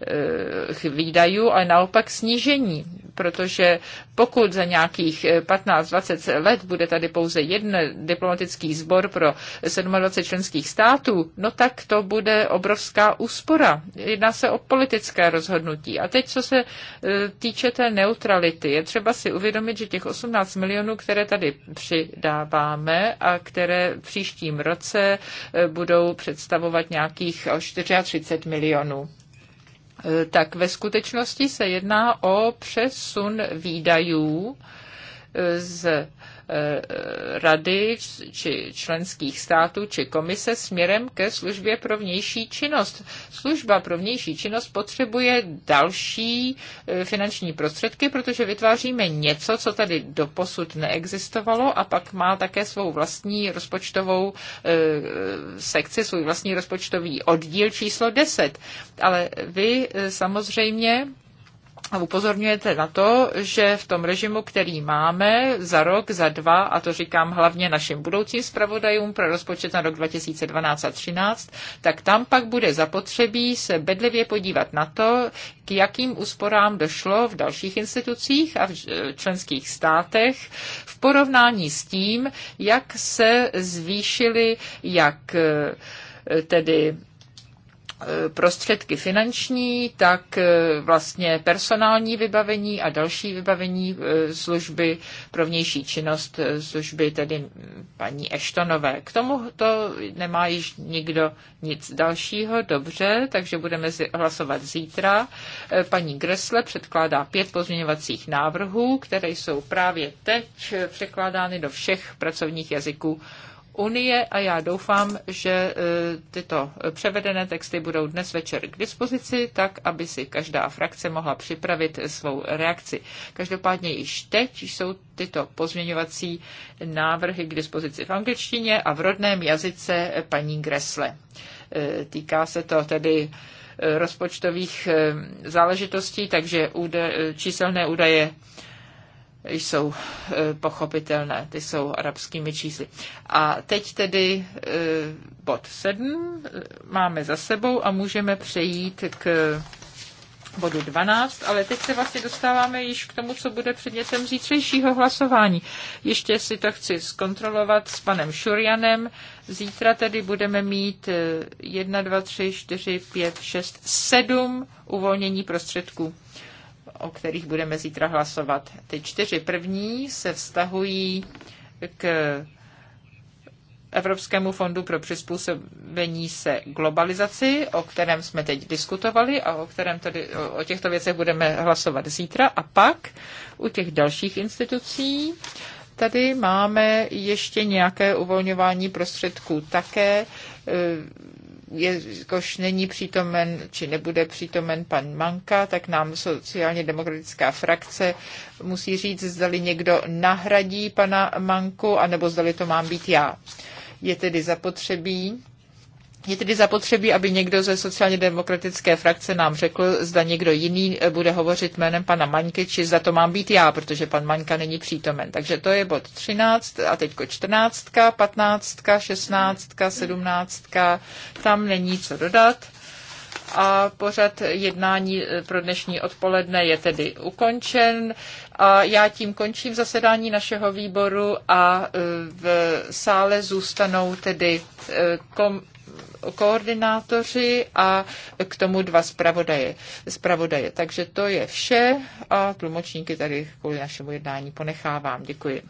Eh, výdajů, ale naopak snížení, protože pokud za nějakých 15-20 eh, let bude tady pouze jeden diplomatický sbor pro 27 členských států, no tak to bude obrovská úspora. Jedná se o politické rozhodnutí. A teď, co se eh, týče té neutrality, je třeba si uvědomit, že těch 18 milionů, které tady přidáváme a které v příštím roce budou představovat nějakých 34 milionů tak ve skutečnosti se jedná o přesun výdajů z Eh, rady či členských států či komise směrem ke službě pro vnější činnost. Služba pro vnější činnost potřebuje další eh, finanční prostředky, protože vytváříme něco, co tady doposud neexistovalo a pak má také svou vlastní rozpočtovou eh, sekci, svůj vlastní rozpočtový oddíl číslo 10. Ale vy samozřejmě upozorňujete na to, že v tom režimu, který máme za rok, za dva, a to říkám hlavně našim budoucím zpravodajům pro rozpočet na rok 2012 a 2013, tak tam pak bude zapotřebí se bedlivě podívat na to, k jakým úsporám došlo v dalších institucích a v členských státech v porovnání s tím, jak se zvýšily, jak e, tedy Eh, prostředky finanční, tak eh, vlastně personální vybavení a další vybavení eh, služby pro vnější činnost služby tedy mm, paní Eštonové. K tomu to nemá již nikdo nic dalšího, dobře, takže budeme hlasovat zítra. Paní Gresle předkládá pět pozměňovacích návrhů, které jsou právě teď překládány do všech pracovních jazyků unie a já doufám, že e, tyto převedené texty budou dnes večer k dispozici, tak aby si každá frakce mohla připravit svou reakci. Každopádně již teď jsou tyto pozměňovací návrhy k dispozici v angličtině a v rodném jazyce paní Gresle. E, týká se to tedy e, rozpočtových záležitostí, takže číselné údaje jsou eh, pochopitelné, ty jsou arabskými čísly. A teď tedy eh, bod 7 eh, máme za sebou a můžeme přejít k bodu 12, ale teď se vlastně dostáváme již k tomu, co bude předmětem zítřejšího hlasování. Ještě si to chci zkontrolovat s panem Šurianem. Zítra tedy budeme mít 1, 2, 3, 4, 5, 6, 7 uvolnění prostředků o kterých budeme zítra hlasovat. Ty čtyři první se vztahují k Evropskému fondu pro přizpůsobení se globalizaci, o kterém jsme teď diskutovali a o, kterém tady, o těchto věcech budeme hlasovat zítra. A pak u těch dalších institucí tady máme ještě nějaké uvolňování prostředků také jakož není přítomen či nebude přítomen pan Manka, tak nám sociálně demokratická frakce musí říct, zdali někdo nahradí pana Manku, anebo zdali to mám být já. Je tedy zapotřebí, je tedy zapotřebí, aby někdo ze sociálně demokratické frakce nám řekl, zda někdo jiný eh, bude hovořit jménem pana Maňky, či zda to mám být já, protože pan Maňka není přítomen. Takže to je bod 13 a teďko 14, 15, 16, 17. Tam není co dodat. A pořad jednání eh, pro dnešní odpoledne je tedy ukončen. A já tím končím zasedání našeho výboru a eh, v sále zůstanou tedy kom koordinátoři a k tomu dva zpravodaje. zpravodaje. Takže to je vše a tlumočníky tady kvůli našemu jednání ponechávám. Děkuji.